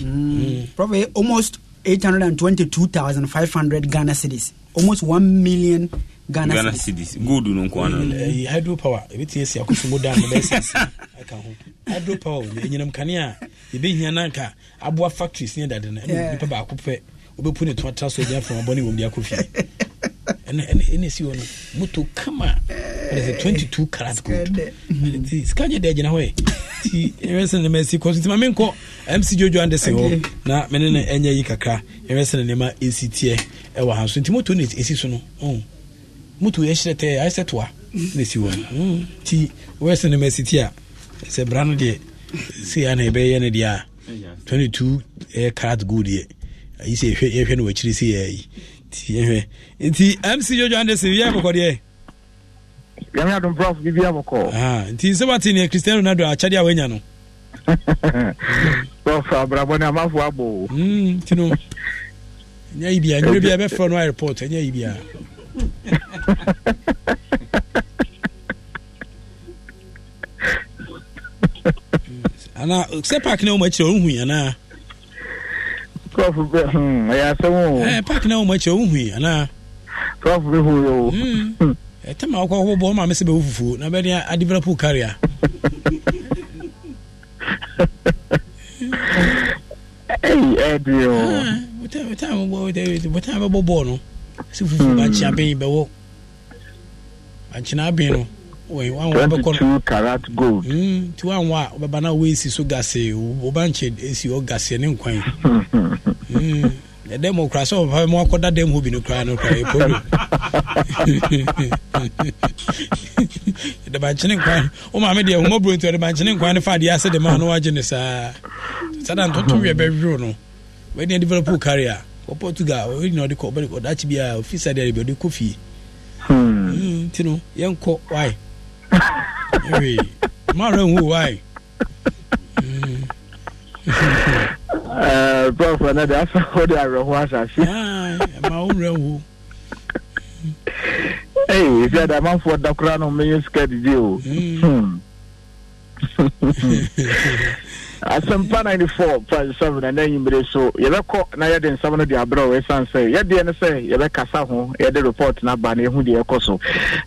mm. almost eight hundred and twenty-two thousand five hundred Ghana cedis almost one million ghana, ghana cities good no nko ano eh, eh, hydro power ɛbɛtumi asi akoso mu da no bɛsɛsi aka ho hydro power wɔ ɛnyinam kane a yɛbɛhia no anka aboa factories ne dade no ɛne nipa baako pɛ wobɛpu ne to atra so agyina fam abɔne wɔm de akɔ fie ɛne ɛsi hɔ no moto kama ɛsɛ 22 carat gold nti sika gye de agyina hɔ ɛ nti ɛwɛ sɛ ne masi kɔ so nti ma menkɔ mc jojo ande se hɔ na mene ne ɛnyɛ yi kakra ɛwɛ sɛ ne nneɛma ɛsi teɛ ɛwɔ ha so nti moto no ɛsi so no mutu yɛhyerɛ tɛ ayɛ sɛ toa na si wɔ no mm. nti wɛsɛ no masiti a sɛ bra no deɛ sei ana yɛbɛyɛ no deɛ a 22 ɛyɛ carat gold deɛ ayi sɛ yɛhwɛ no wakyiri sɛ yɛayi nti yɛhwɛ nti mc jojo anderson yɛ kɔkɔ deɛ yɛme adomprɔfo bibi abɔkɔ ah, nti sɛ wate neɛ cristiano ronaldo akyɛdeɛ a wanya no sɔfa [LAUGHS] abrabɔ ne amafoɔ abɔ mm, nti no ɛnyɛ yibia nwere bia ɛbɛfrɛ no airport ɛnyɛ yibia [LAUGHS] ana sɛ park na wɔmakyerɛ wohu anaa prɔfo bɛ ɛyɛ asɛm o park na wɔmakyerɛ wohu anaa prɔfo bɛ hu yɛ o ɛtɛm a wokɔ wobɔ ma me sɛ bɛwo fufuo na bɛde adevelop carry a ɛdeɛ bɔtaa bɛbɔ bɔɔ no sɛ fufuo bakyea bɛn bɛwɔ ankyena abin no twenty-two karat gold. tí wàá wà bàbá náà wọ́n èsì so gàsẹ̀ o bá ń kyẹ̀ èsì ọ gàsẹ̀ ní nkwan yìí hmm, ɛdɛ mu okura sɛ ɔpapa mu akɔda dɛm hɔ bi no koraa no koraa ɛpolo [LAUGHS] ɛdɛbankyene nkwan wo maame deɛ homa buro nti ɛdɛbankyene nkwan no fa adeɛ asɛ de ma no wagye ne saa sada ntoto wiɛ bɛhwero no wɔadi develop wo carrier wɔ portugal ɔyɛ nyina ɔde kɔ ɔbɛde kɔ dakye biara ɔfi sɛ deɛ de bɛ ɔde kɔ fie Hmm. Hmm. [LAUGHS] Eh, nti no yɛnkɔ wae mara hu wae prof na de afa wode awerɛho asase ma wo werɛ hu ɛyɛ sɛ de amanfoɔ da koraa no mɛyɛ sika didi o asɛmpa 94.7 ɛnɛ anwummere so yɛbɛkɔ na yɛde nsɛm no de aberɛ wɔ ɛsiane sɛ yɛdeɛ no sɛ yɛbɛkasa ho yɛde report no aba na yɛhu deɛ ɛkɔ so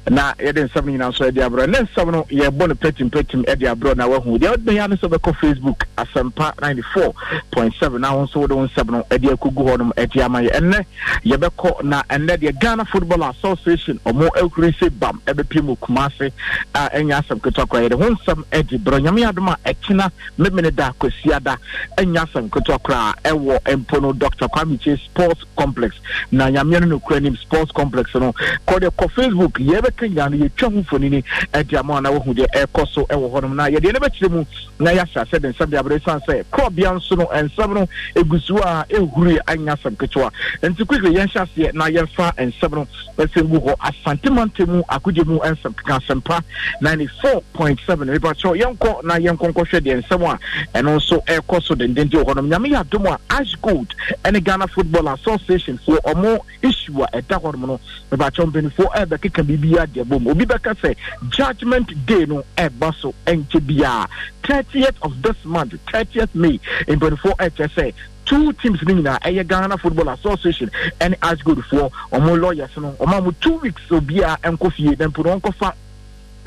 na yɛde nsɛm no nyinaa nso de aberɛ ne nsɛm no yɛbɔ no patimpatim ɛde aberɛ na wahu deɛ wobɛyɛ no sɛ wobɛkɔ facebook asɛmpa 94.7 na ho nso wode wo nsɛm no ɛde akɔgu hɔ nom de ama yɛ ɛnnɛ yɛbɛkɔ na ɛnnɛ deɛ ghana football association ɔmo akuri sɛ bam ɛbɛpie mu kuma uh, ase a ɛnyɛ asɛm ketewa kora yɛde ho nsɛm adi berɛ nyame adom a ɛkyena memene kwesi ada ɛnya sɛnkoto koraa ɛwɔ mpo no dr kwamikye sports complex na nyameɛ no nokura nim sports complex no kɔde kɔ facebook yɛbɛka nyinaa e e no yɛtwa ho mfoni ni ɛde ama ana wohu deɛ ɛkɔ so ɛwɔ hɔnom na yɛdeɛ no bɛkyerɛ mu na yɛahyɛ sɛ de nsɛm de abrɛ siane sɛ korɔbea nso no ɛnsɛm no ɛgu e so a ɛhuri anya sɛm ketewa nti quickly yɛnhyɛ aseɛ na yɛmfa nsɛm no ɛsɛ ngu hɔ asantemante mu akogye mu nsɛm keka asɛmpa 94.7 mepakyɛw yɛnkɔ na yɛnkɔ nkɔhwɛ deɛ nsɛm a ɛno nso ɛrekɔ so dendenden wɔ hɔnom nyame yɛ adom a ash gold any ghana football association foɔ ɔmo issue a ɛda hɔnom no mebakyɛ mpanimfoɔ ɛrebɛkeka biribiara deɛ bom obi bɛka sɛ judgment day no ɛreba so ɛnkyɛ biara 30th of this month 30th may mpanimfoɔ ɛkyɛ sɛ two teams ni nyinaa ɛyɛ ghana football association ɛne ash gold foɔ ɔmo lawyers no ɔmo a two weeks obiara ɛnkɔ fie na mpo no ɔnkɔfa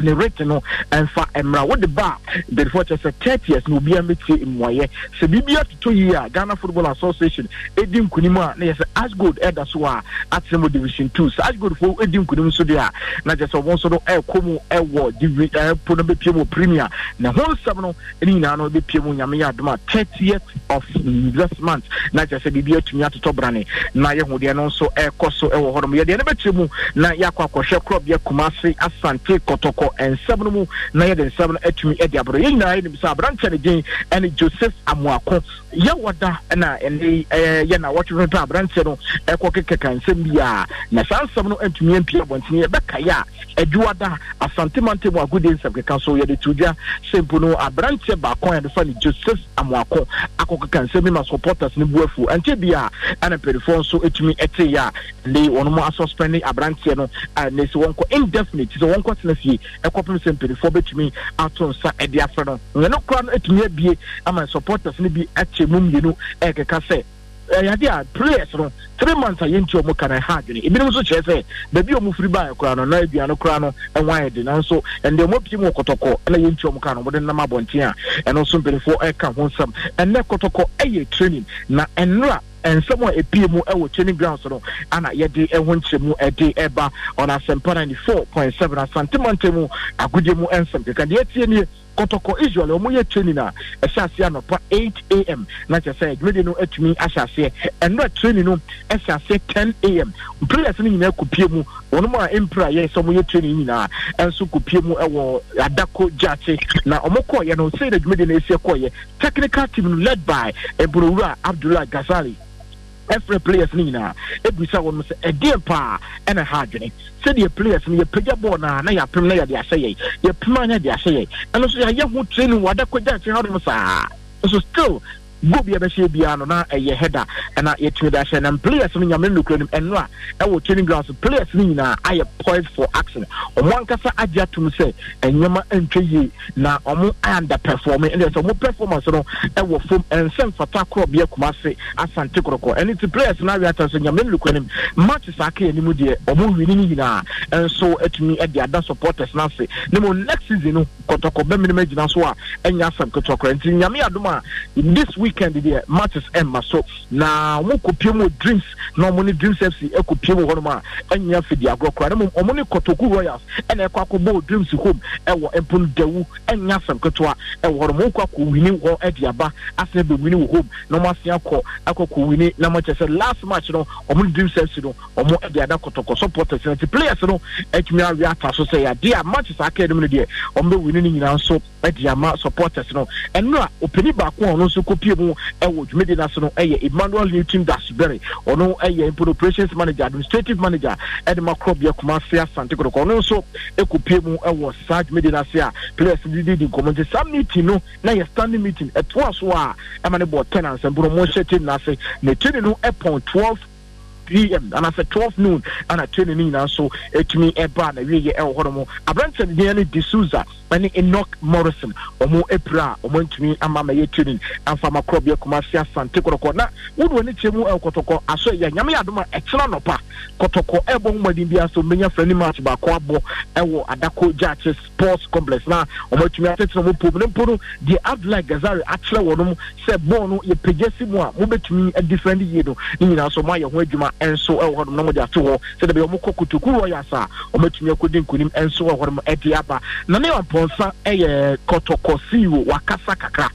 ne rate no ɛmfa mmara wode ba therefore kyerɛ sɛ 30 years na obiara mɛtie mmuayɛ sɛ biribia toto yie a ghana football association ɛdi nkonim a na yɛ sɛ asgold ɛda so a atena mu division 2 sɛ asgoldfoɔ ɛdi nkonim nso deɛ a na kyerɛ sɛ ɔmo nso no ɛkɔ mu ɛwɔ ɛpo no bɛpie mu premier na ho nsɛm no ne nyinaa no bɛpie mu nyame yɛ adom a 30 of this month na kyerɛ sɛ biribia atumi atotɔ brane na yɛhodeɛ no nso ɛkɔ so ɛwɔ hɔ nom yɛdeɛ no bɛkyerɛ mu na yɛakɔ akɔhwɛ korɔbea kumase asante kɔtɔkɔ akɔ nsɛm no mu na yɛde nsɛm no atumi de abrɔ yɛn nyinaa yɛnim sɛ aberantɛ no din ne joseph amoako yɛ wɔda na ɛne ɛɛ yɛ na wɔtwe pɛpɛ aberanteɛ no ɛkɔ kekeka nsɛm bi a na saa nsɛm no ntumi mpie abɔnten yɛbɛka yɛ a adwuma da asantemante mu agudie nsɛm keka so yɛde to dwa sempo no aberanteɛ baako a yɛde fa ne joseph amoako akɔ keka nsɛm bi ma supporters ne bu afu ɛnkyɛ bi a ɛna mpanyinfoɔ nso etumi ɛte yɛ a ne wɔn mo asɔspɛne aberanteɛ no a ne si wɔn kɔ indefinite sɛ wɔn kɔ tena fie ɛkɔpem sɛ mpanyinfoɔ bɛtumi ato nsa ɛde afɛ no nyɛ bi ɛkye mu mmienu eh, ɛkeka sɛ ɛyade eh, a players no three months a yɛnti ɔmo kan ɛha adwene ebinom nso kyerɛ sɛ baabi a ɔmo firi baa ɛkora no na aduane kora no ɛho ayɛ de nanso ɛnde ɔmo pii mu kɔtɔkɔ ɛna yɛnti ɔmo kan no ɔmode nam abɔnten a ɛno nso mpanyinfoɔ ɛka eh, ho nsɛm ɛnɛ kɔtɔkɔ ɛyɛ training na ɛnora nsɛm a ɛpie mu ɛwɔ training grounds no ana yɛde ɛho nkyerɛmu ɛde ɛba ɔnasɛmpa 94.7 asante mante mu agodie mu ɛnsɛm keka deɛ ɛtie nie kɔtɔkɔ israel wɔn yɛ training a ɛhyɛ aseɛ anɔpa eight am na kyerɛ sɛ dwumadie no atumi ahyɛ aseɛ ɛnura e training no ɛhyɛ aseɛ ten am players no nyinaa kopie mu wɔn mu a mpira yɛ sɛ wɔn yɛ training nyinaa ɛnso kopie mu ɛwɔ adako gyaakye na wɔn kɔɔyɛ no sɛ dwumadie no esi kɔɔyɛ technical team led by eburowura abdullahi ghazali. ɛfrɛ players no nyinaa ɛbisa wɔ nom sɛ ɛdeɛ paa ɛna ha adwene sɛdeɛ players no yɛpagya bɔɔl no a na yɛapem na yɛde ahyɛ yɛi yɛpem a na yɛde ahyɛ yɛi ɛno nso yɛayɛ ho training wɔada kɔgya nkyɛn hɔ nom saa nso still go bi ɛbɛhyɛ biara no na ɛyɛ header ɛna yɛtumi de ahyɛ nam players no nyame nnukuro no ɛno a ɛwɔ training ground so players no nyinaa ayɛ poised for action ɔmo ankasa agye atom sɛ ɛnyɛma ntwa yie na ɔmo underperform ɛnna sɛ ɔmo performance no ɛwɔ fam ɛnsɛn fata korɔ bi akuma ase asante korɔkɔ ɛne ti players no awia kyɛn so nyame nnukuro no match saa aka anim deɛ ɔmo wini no nyinaa nso atumi ɛde ada supporters no ase ne mu next season no kɔtɔkɔ bɛmini ma gyina so a ɛnyɛ asɛm ketewa korɔ nti nyame adum a this week weekend deɛ matches ɛmma so na ɔmo kɔpie mu dreams na ɔmo ne dreams fc ɛkɔpie mu hɔnom a ɛnyɛ afidi agorɔ koraa na ɔmo ne kɔtɔku royals ɛna ɛkɔ akɔbɔ dreams home ɛwɔ mpon dawu ɛnyɛ asɛm ketewa ɛwɔ hɔnom ɔmo kɔ akɔwini hɔ ɛde aba asɛn bɛwini wɔ home na ɔmo asen akɔ akɔkɔwini na ɔmo kyɛ sɛ last match no ɔmo ne dreams fc no ɔmo ɛde ada kɔtɔkɔ supporters na ti players no ɛtumi awie ata so sɛ yadeɛ a matches aka anim no deɛ ɔmo bɛwini ne nyinaa nso ɛde ama supporters no ɛnura opini baako a ɔno nso kɔpie mu ho ɛwɔ dwumadi no so no ɛyɛ emmanuel newton dashberry ɔno ɛyɛ mpon operations manager administrative manager ɛde ma korɔbea kumase asante kɔdɔkɔ ɔno nso ɛkɔpie mu ɛwɔ saa dwumadi no ase a players de di di nkɔmmɔ nti saa meeting no na yɛ standing meeting ɛtoa so a ɛma ne bɔ ten ansɛmpo no mo nhyɛ tin no ase na tin no ɛpɔn twelve PM, m anaasɛ 12 noon ana training no nyinaa nso atumi ɛba na wieyɛ ɛwɔ hɔ no mu aberantɛ no deɛ de sousa ɛne enoch morrison ɔmo apira a ɔmo ntumi ama ma yɛ training amfa ma korɔ bia kuma se asante kɔtɔkɔ na wode w'ani kyerɛ mu ɛwɔ kɔtɔkɔ aso ɛyɛ nyame yɛ adom a ɛkyena nɔpa kɔtɔkɔ ɛbɔ homaden biara so mmɛnya fra ne match baako abɔ ɛwɔ adako gyakye sports complex na ɔmo atumi atetena ɔmo pom ne mpo no deɛ abdulai gazari akyerɛ wɔ no mu sɛ bɔɔl no yɛpagya si mu a mobɛtumi adifrɛ yie no ne nyinaa so moayɛ ho adwuma nso wɔ hɔnom na wɔde ato hɔ sɛ dɛbɛ wɔn kɔ kotoku royals a wɔatumi akɔdi nkonim nso wɔ hɔnom ɛde aba na ne ɔmpɔnsa yɛ kɔtɔkɔsiiwo wakasa kakra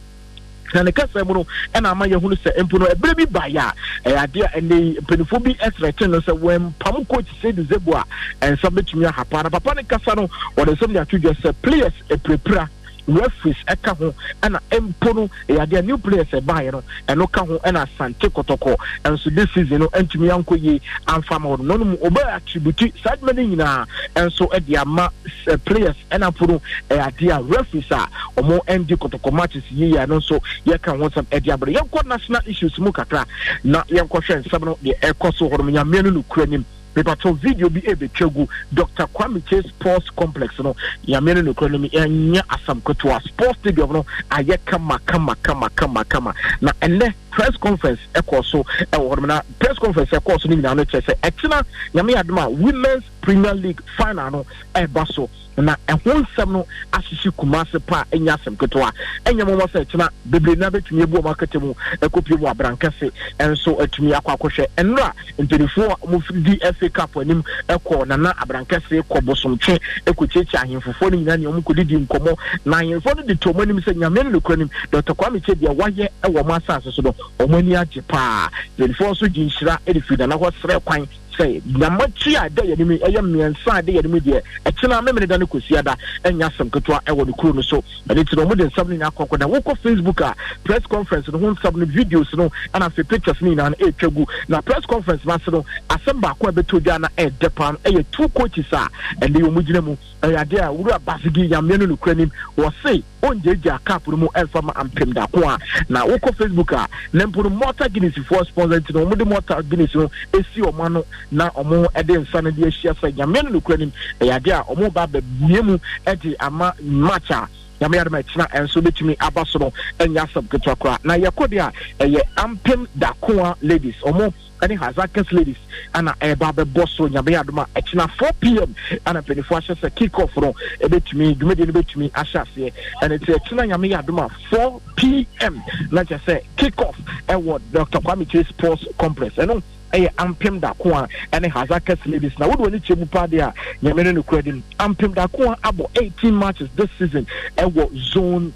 na ne kasa mu no ɛna ama yɛhunu sɛ mpo no ɛberɛ bi baeɛ a ɛyɛ adeɛ a ɛnɛ yi mpanimfoɔ bi ɛsrɛte no sɛ wɔmpam coach sɛdi zebu a ɛnsa bɛtumi ahapa na papa ne kasa no wɔde nsɛm de ato dwa sɛ players apirapira referees ɛka ho ɛna mpo no ɛyɛ new players ɛbaeɛ no ɛno ka ho ɛna asante kɔtɔkɔ ɛnso this season no ɛntumi ankɔ yie amfa ma wɔn no mu ɔbɛyɛ atributi saa adwuma no nyinaa ɛnso ɛde ama eh, players ɛna po no ɛyɛ adeɛ a referees a wɔn ɛndi kɔtɔkɔ matches yie yɛ no nso yɛka ho nsɛm ɛde abere yɛnkɔ national issues mu kakra na yɛnkɔhwɛ nsɛm no deɛ ɛkɔ so hɔ no nyamea no no nim mepatɔ video bi ɛbɛtwa gu dr kwame che sports complex no nyame no nokorɛ no mu ɛnyɛ asam ketewa sports stadium no ayɛ kama kama kama kama kama na ɛnɛ press conference ɛkɔ so ɛwɔ hɔ na press conference ɛkɔ so no nyinaa no kyerɛ sɛ ɛkyena nyame adom women's premier league final no ɛba so na ɛho nsɛm no ahyehye kuma pa a ɛnyɛ asɛm ketewa ɛnyɛ mɔmɔ sɛ ɛkyena bebree na bɛtumi abu ɔma kɛtɛ mu ɛkɔpie mu abrankɛse ɛnso atumi akɔ akɔhwɛ ɛnora mpanyinfoɔ a di fa cup anim ɛkɔ nana abrankɛse kɔ bosomtwe ɛkɔkyekyɛ ahemfofoɔ no nyinaa nea ɔmkɔdidi nkɔmmɔ na ahemfoɔ no de tɔmɔ anim sɛ nyame no nokora nim dr kwame kyɛ deɛ wayɛ ɛwɔ ɔmo asase so no wɔn ani agye paa mpanyinfoɔ nso di nhyira de firi nana hɔ srɛ kwan sɛ nyamakyi a ɛda yɛn mu ɛyɛ mmiɛnsa a ɛda yɛn mu deɛ ɛkyɛn a mɛmɛ da ne kɔsi ada ɛnya asɛm ketewa ɛwɔ ne kuro no so ɛne ti na wɔn de nsɛm no nyɛ akɔkɔ na wɔkɔ facebook a press conference no ho nsɛm no videos no ɛna afei pictures no nyinaa no ɛretwa gu na press conference no ase no asɛm baako a ɛbɛtɔ dwa na ɛɛdɛ paa no ɛyɛ two coaches a ɛnɛ yɛn mu gyina mu ɛyɛ adeɛ a wura basigi nyamea no nokura nim wɔse ɔngyagya cap no mu ɛmfa ma ampem dako a na wokɔ facebook a na mpo no mɔta guinness sponsor nti na wɔn de mɔta guinness no esi wɔn ano na ɔmo ɛde nsa no de ahyia sɛ nyame no nokura nim ɛyɛ adeɛ a ɔmo ba bɛbue mu ɛde ama match a nyame yadoma ɛkyena ɛnso bɛtumi aba so no ɛnyɛ asɛm ketewa koraa na yɛkɔdeɛ a ɛyɛ ampem dakoa ladies ɔmo ɛne hazakes ladies ana ɛba bɛbɔ soro nyame adoma ɛkyena 4 pm ana mpanimfoɔ ahyɛ sɛ kick off no ɛbɛtumi dwumadie no bɛtumi ahyɛ aseɛ ɛne nti ɛkyena nyame yɛ adoma 4 pm na kyerɛ sɛ kick off ɛwɔ dr kwame kyerɛ sports complex ɛno ɛyɛ ampem dako a ɛne hasa kɛse ladies na wode w'ani kyɛ mu paa deɛ a nyame no nokora di mu ampem dako a abɔ 18 matches this season ɛwɔ zone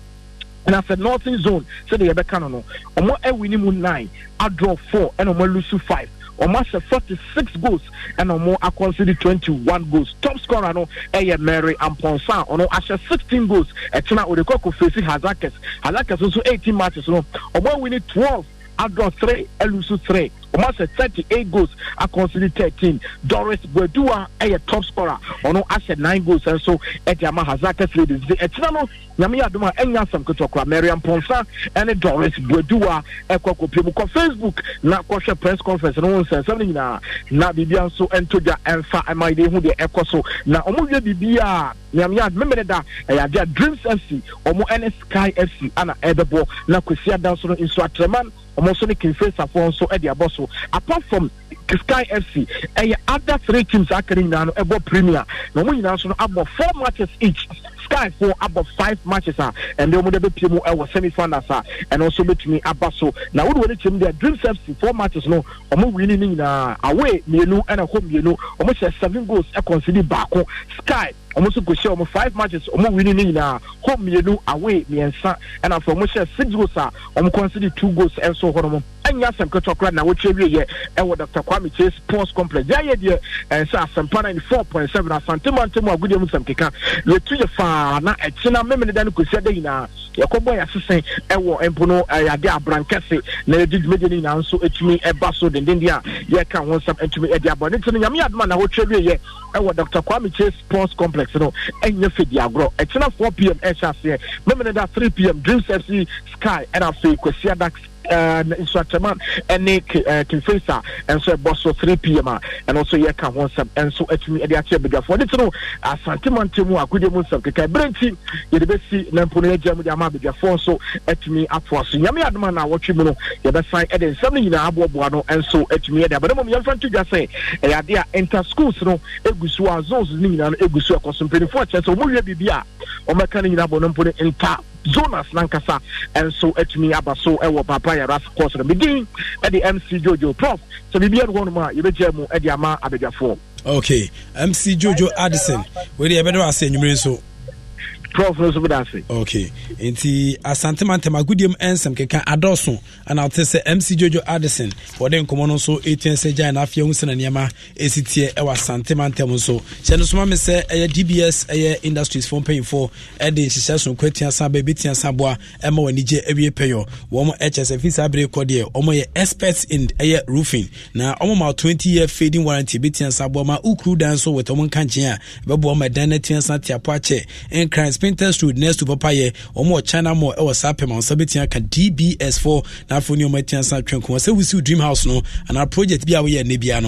na sɛ northern zone sɛdeɛ yɛbɛka no no ɔmo ɛwi ne mu 9 draw 4 ɛna ɔmo losing 5 ɔmo ahyɛ 46 goals ɛna ɔmo akɔnsidi 21 goals top scorer no ɛyɛ mary amponsa ɔno ahyɛ 16 goals ɛkyena ɔde kɔ kɔ fesi hazakes hazakes nso 18 matches no ɔmo awi ne 12 adrɔ 3 alusu 3 ɔmo ahyɛ thirty eight goals akɔnsidi thirteen doris buadua ɛyɛ top scorer ɔno ahyɛ nine goals so nso ɛde ama hazaka ladies de ɛkyina no nyame yɛ adom a ɛnya asɛm ketɔkora mariam ponsa ɛne doris buadua ɛkɔ akɔpie mu kɔ facebook na kɔhwɛ press conference no ho nsɛnsɛm no nyinaa na biribia nso ɛntogya ɛmfa ɛma yɛde hu deɛ ɛkɔ so na ɔmo wie biribia nyame yɛ admemene da ɛyɛ adeɛ a dreams fc ɔmo ɛne sky fc ana ɛbɛbɔ na kwasi adanso no nso atrɛman ɔmo nso ne kimfesafoɔ nso ɛde abɔ so so apart from sky fc and ɛyɛ other three teams are ne down no premier na wɔn nyinaa nso no four matches each sky for abɔ five matches and a ɛnna wɔn de bɛpie mu ɛwɔ semi finals And also between bɛtumi aba so now we are going to kyɛm deɛ dreams fc four matches no wɔn wini ne nyinaa away know and ɛna home mmienu wɔn hyɛ seven goals I ɛkɔnsidi baako sky wɔn nso kò hyɛ wɔn five matches wɔn wini ne nyinaa home know away and mmiɛnsa ɛna afɔ wɔn hyɛ six goals a wɔn considering two goals ɛnso so nom. ɛnyɛ asɛm ketewa na wɔkyerɛ wieɛ ɛwɔ dr kwame kyerɛ sports complex yɛayɛ deɛ ɛnsɛ asɛmpa 94.7 asante mante mu agodeɛ mu nsɛm keka yɛtu yɛ faa na ɛkyena memene da no kɔsi ada nyinaa yɛkɔbɔ yɛasesen ɛwɔ mpo no yɛade abrankɛse na yɛde dwumadie no nyinaa nso ɛtumi ɛba so dendenden a yɛka ho nsɛm ɛtumi ɛde abɔ ne nti no nyame adoma na wɔtwerɛ wieɛ ɛwɔ dr kwame kyerɛ sports complex no ɛnyɛ fɛdi agorɔ ɛkyena 4 pm ɛhyɛ aseɛ memene da 3 pm dreams fc sky ɛna afei kwasiadak Eh, nsuatɛma ne kimfesa eh, nso ɛbɔ so 3 pm a ɛno nso yɛka ho nsɛm nso atumi de akyerɛ badwafoɔ ne tino asantemantɛ mu akodɛ mu nsɛm keka berɛ nti yɛde bɛsi na no yɛagya de ama badwafoɔ nso atumi atoa so nyame adoma na awɔtwe mu no yɛbɛsan de nsɛm no nyinaa aboaboa no nso atumi ɛde aba mmom yɛmfa nto dwa sɛ ɛyɛ adeɛ a inter schools no ɛgu so a zones no nyinaa no ɛgu so ɛkɔ so mpanimfoɔ kyerɛ sɛ ɔmɔwie biribi a ɔmɛka no nyinaa bɔ no mpo no nta zonas nankasa nso atumi aba so wɔ papa yara course no medin de mc jojo prof sɛ biribia no hɔnom a yɛbɛgya mu de ama abadwafoɔ okay mc jojo addison wei de yɛbɛdɛ wɔ asɛ anwummere nso prof no so bɛ da se. ok nti asantemantam agudiem nsɛm keka adɔso ana ɔte sɛ mc jojo addison wɔde nkɔmɔ no nso etu nsɛ gya na afei ɛho sɛnɛ nneɛma esi teɛ ɛwɔ asantemantam nso hyɛn no soma mi sɛ ɛyɛ dbs ɛyɛ industries fo mpanyinfo ɛde nhyehyɛ sonko etia san bɛɛ bi tia boa ɛma wɔn anigye ɛwie pɛyɔ wɔn ɛkyɛ sɛ fisa abere kɔ deɛ wɔn yɛ experts in ɛyɛ roofing na wɔn ma twenty year fading warranty bi tia san boa ma ukuru dan so wɔtɔn nkankyɛn a ɛbɛbɔ wɔn tia san tiapɔ akyɛ Spinter Street next to Papa Ye, Omo China Mo, Ewa Sapem, and Sabitia can DBS4, now Matian San So we see Dream House no, and our project be away and Nebiano.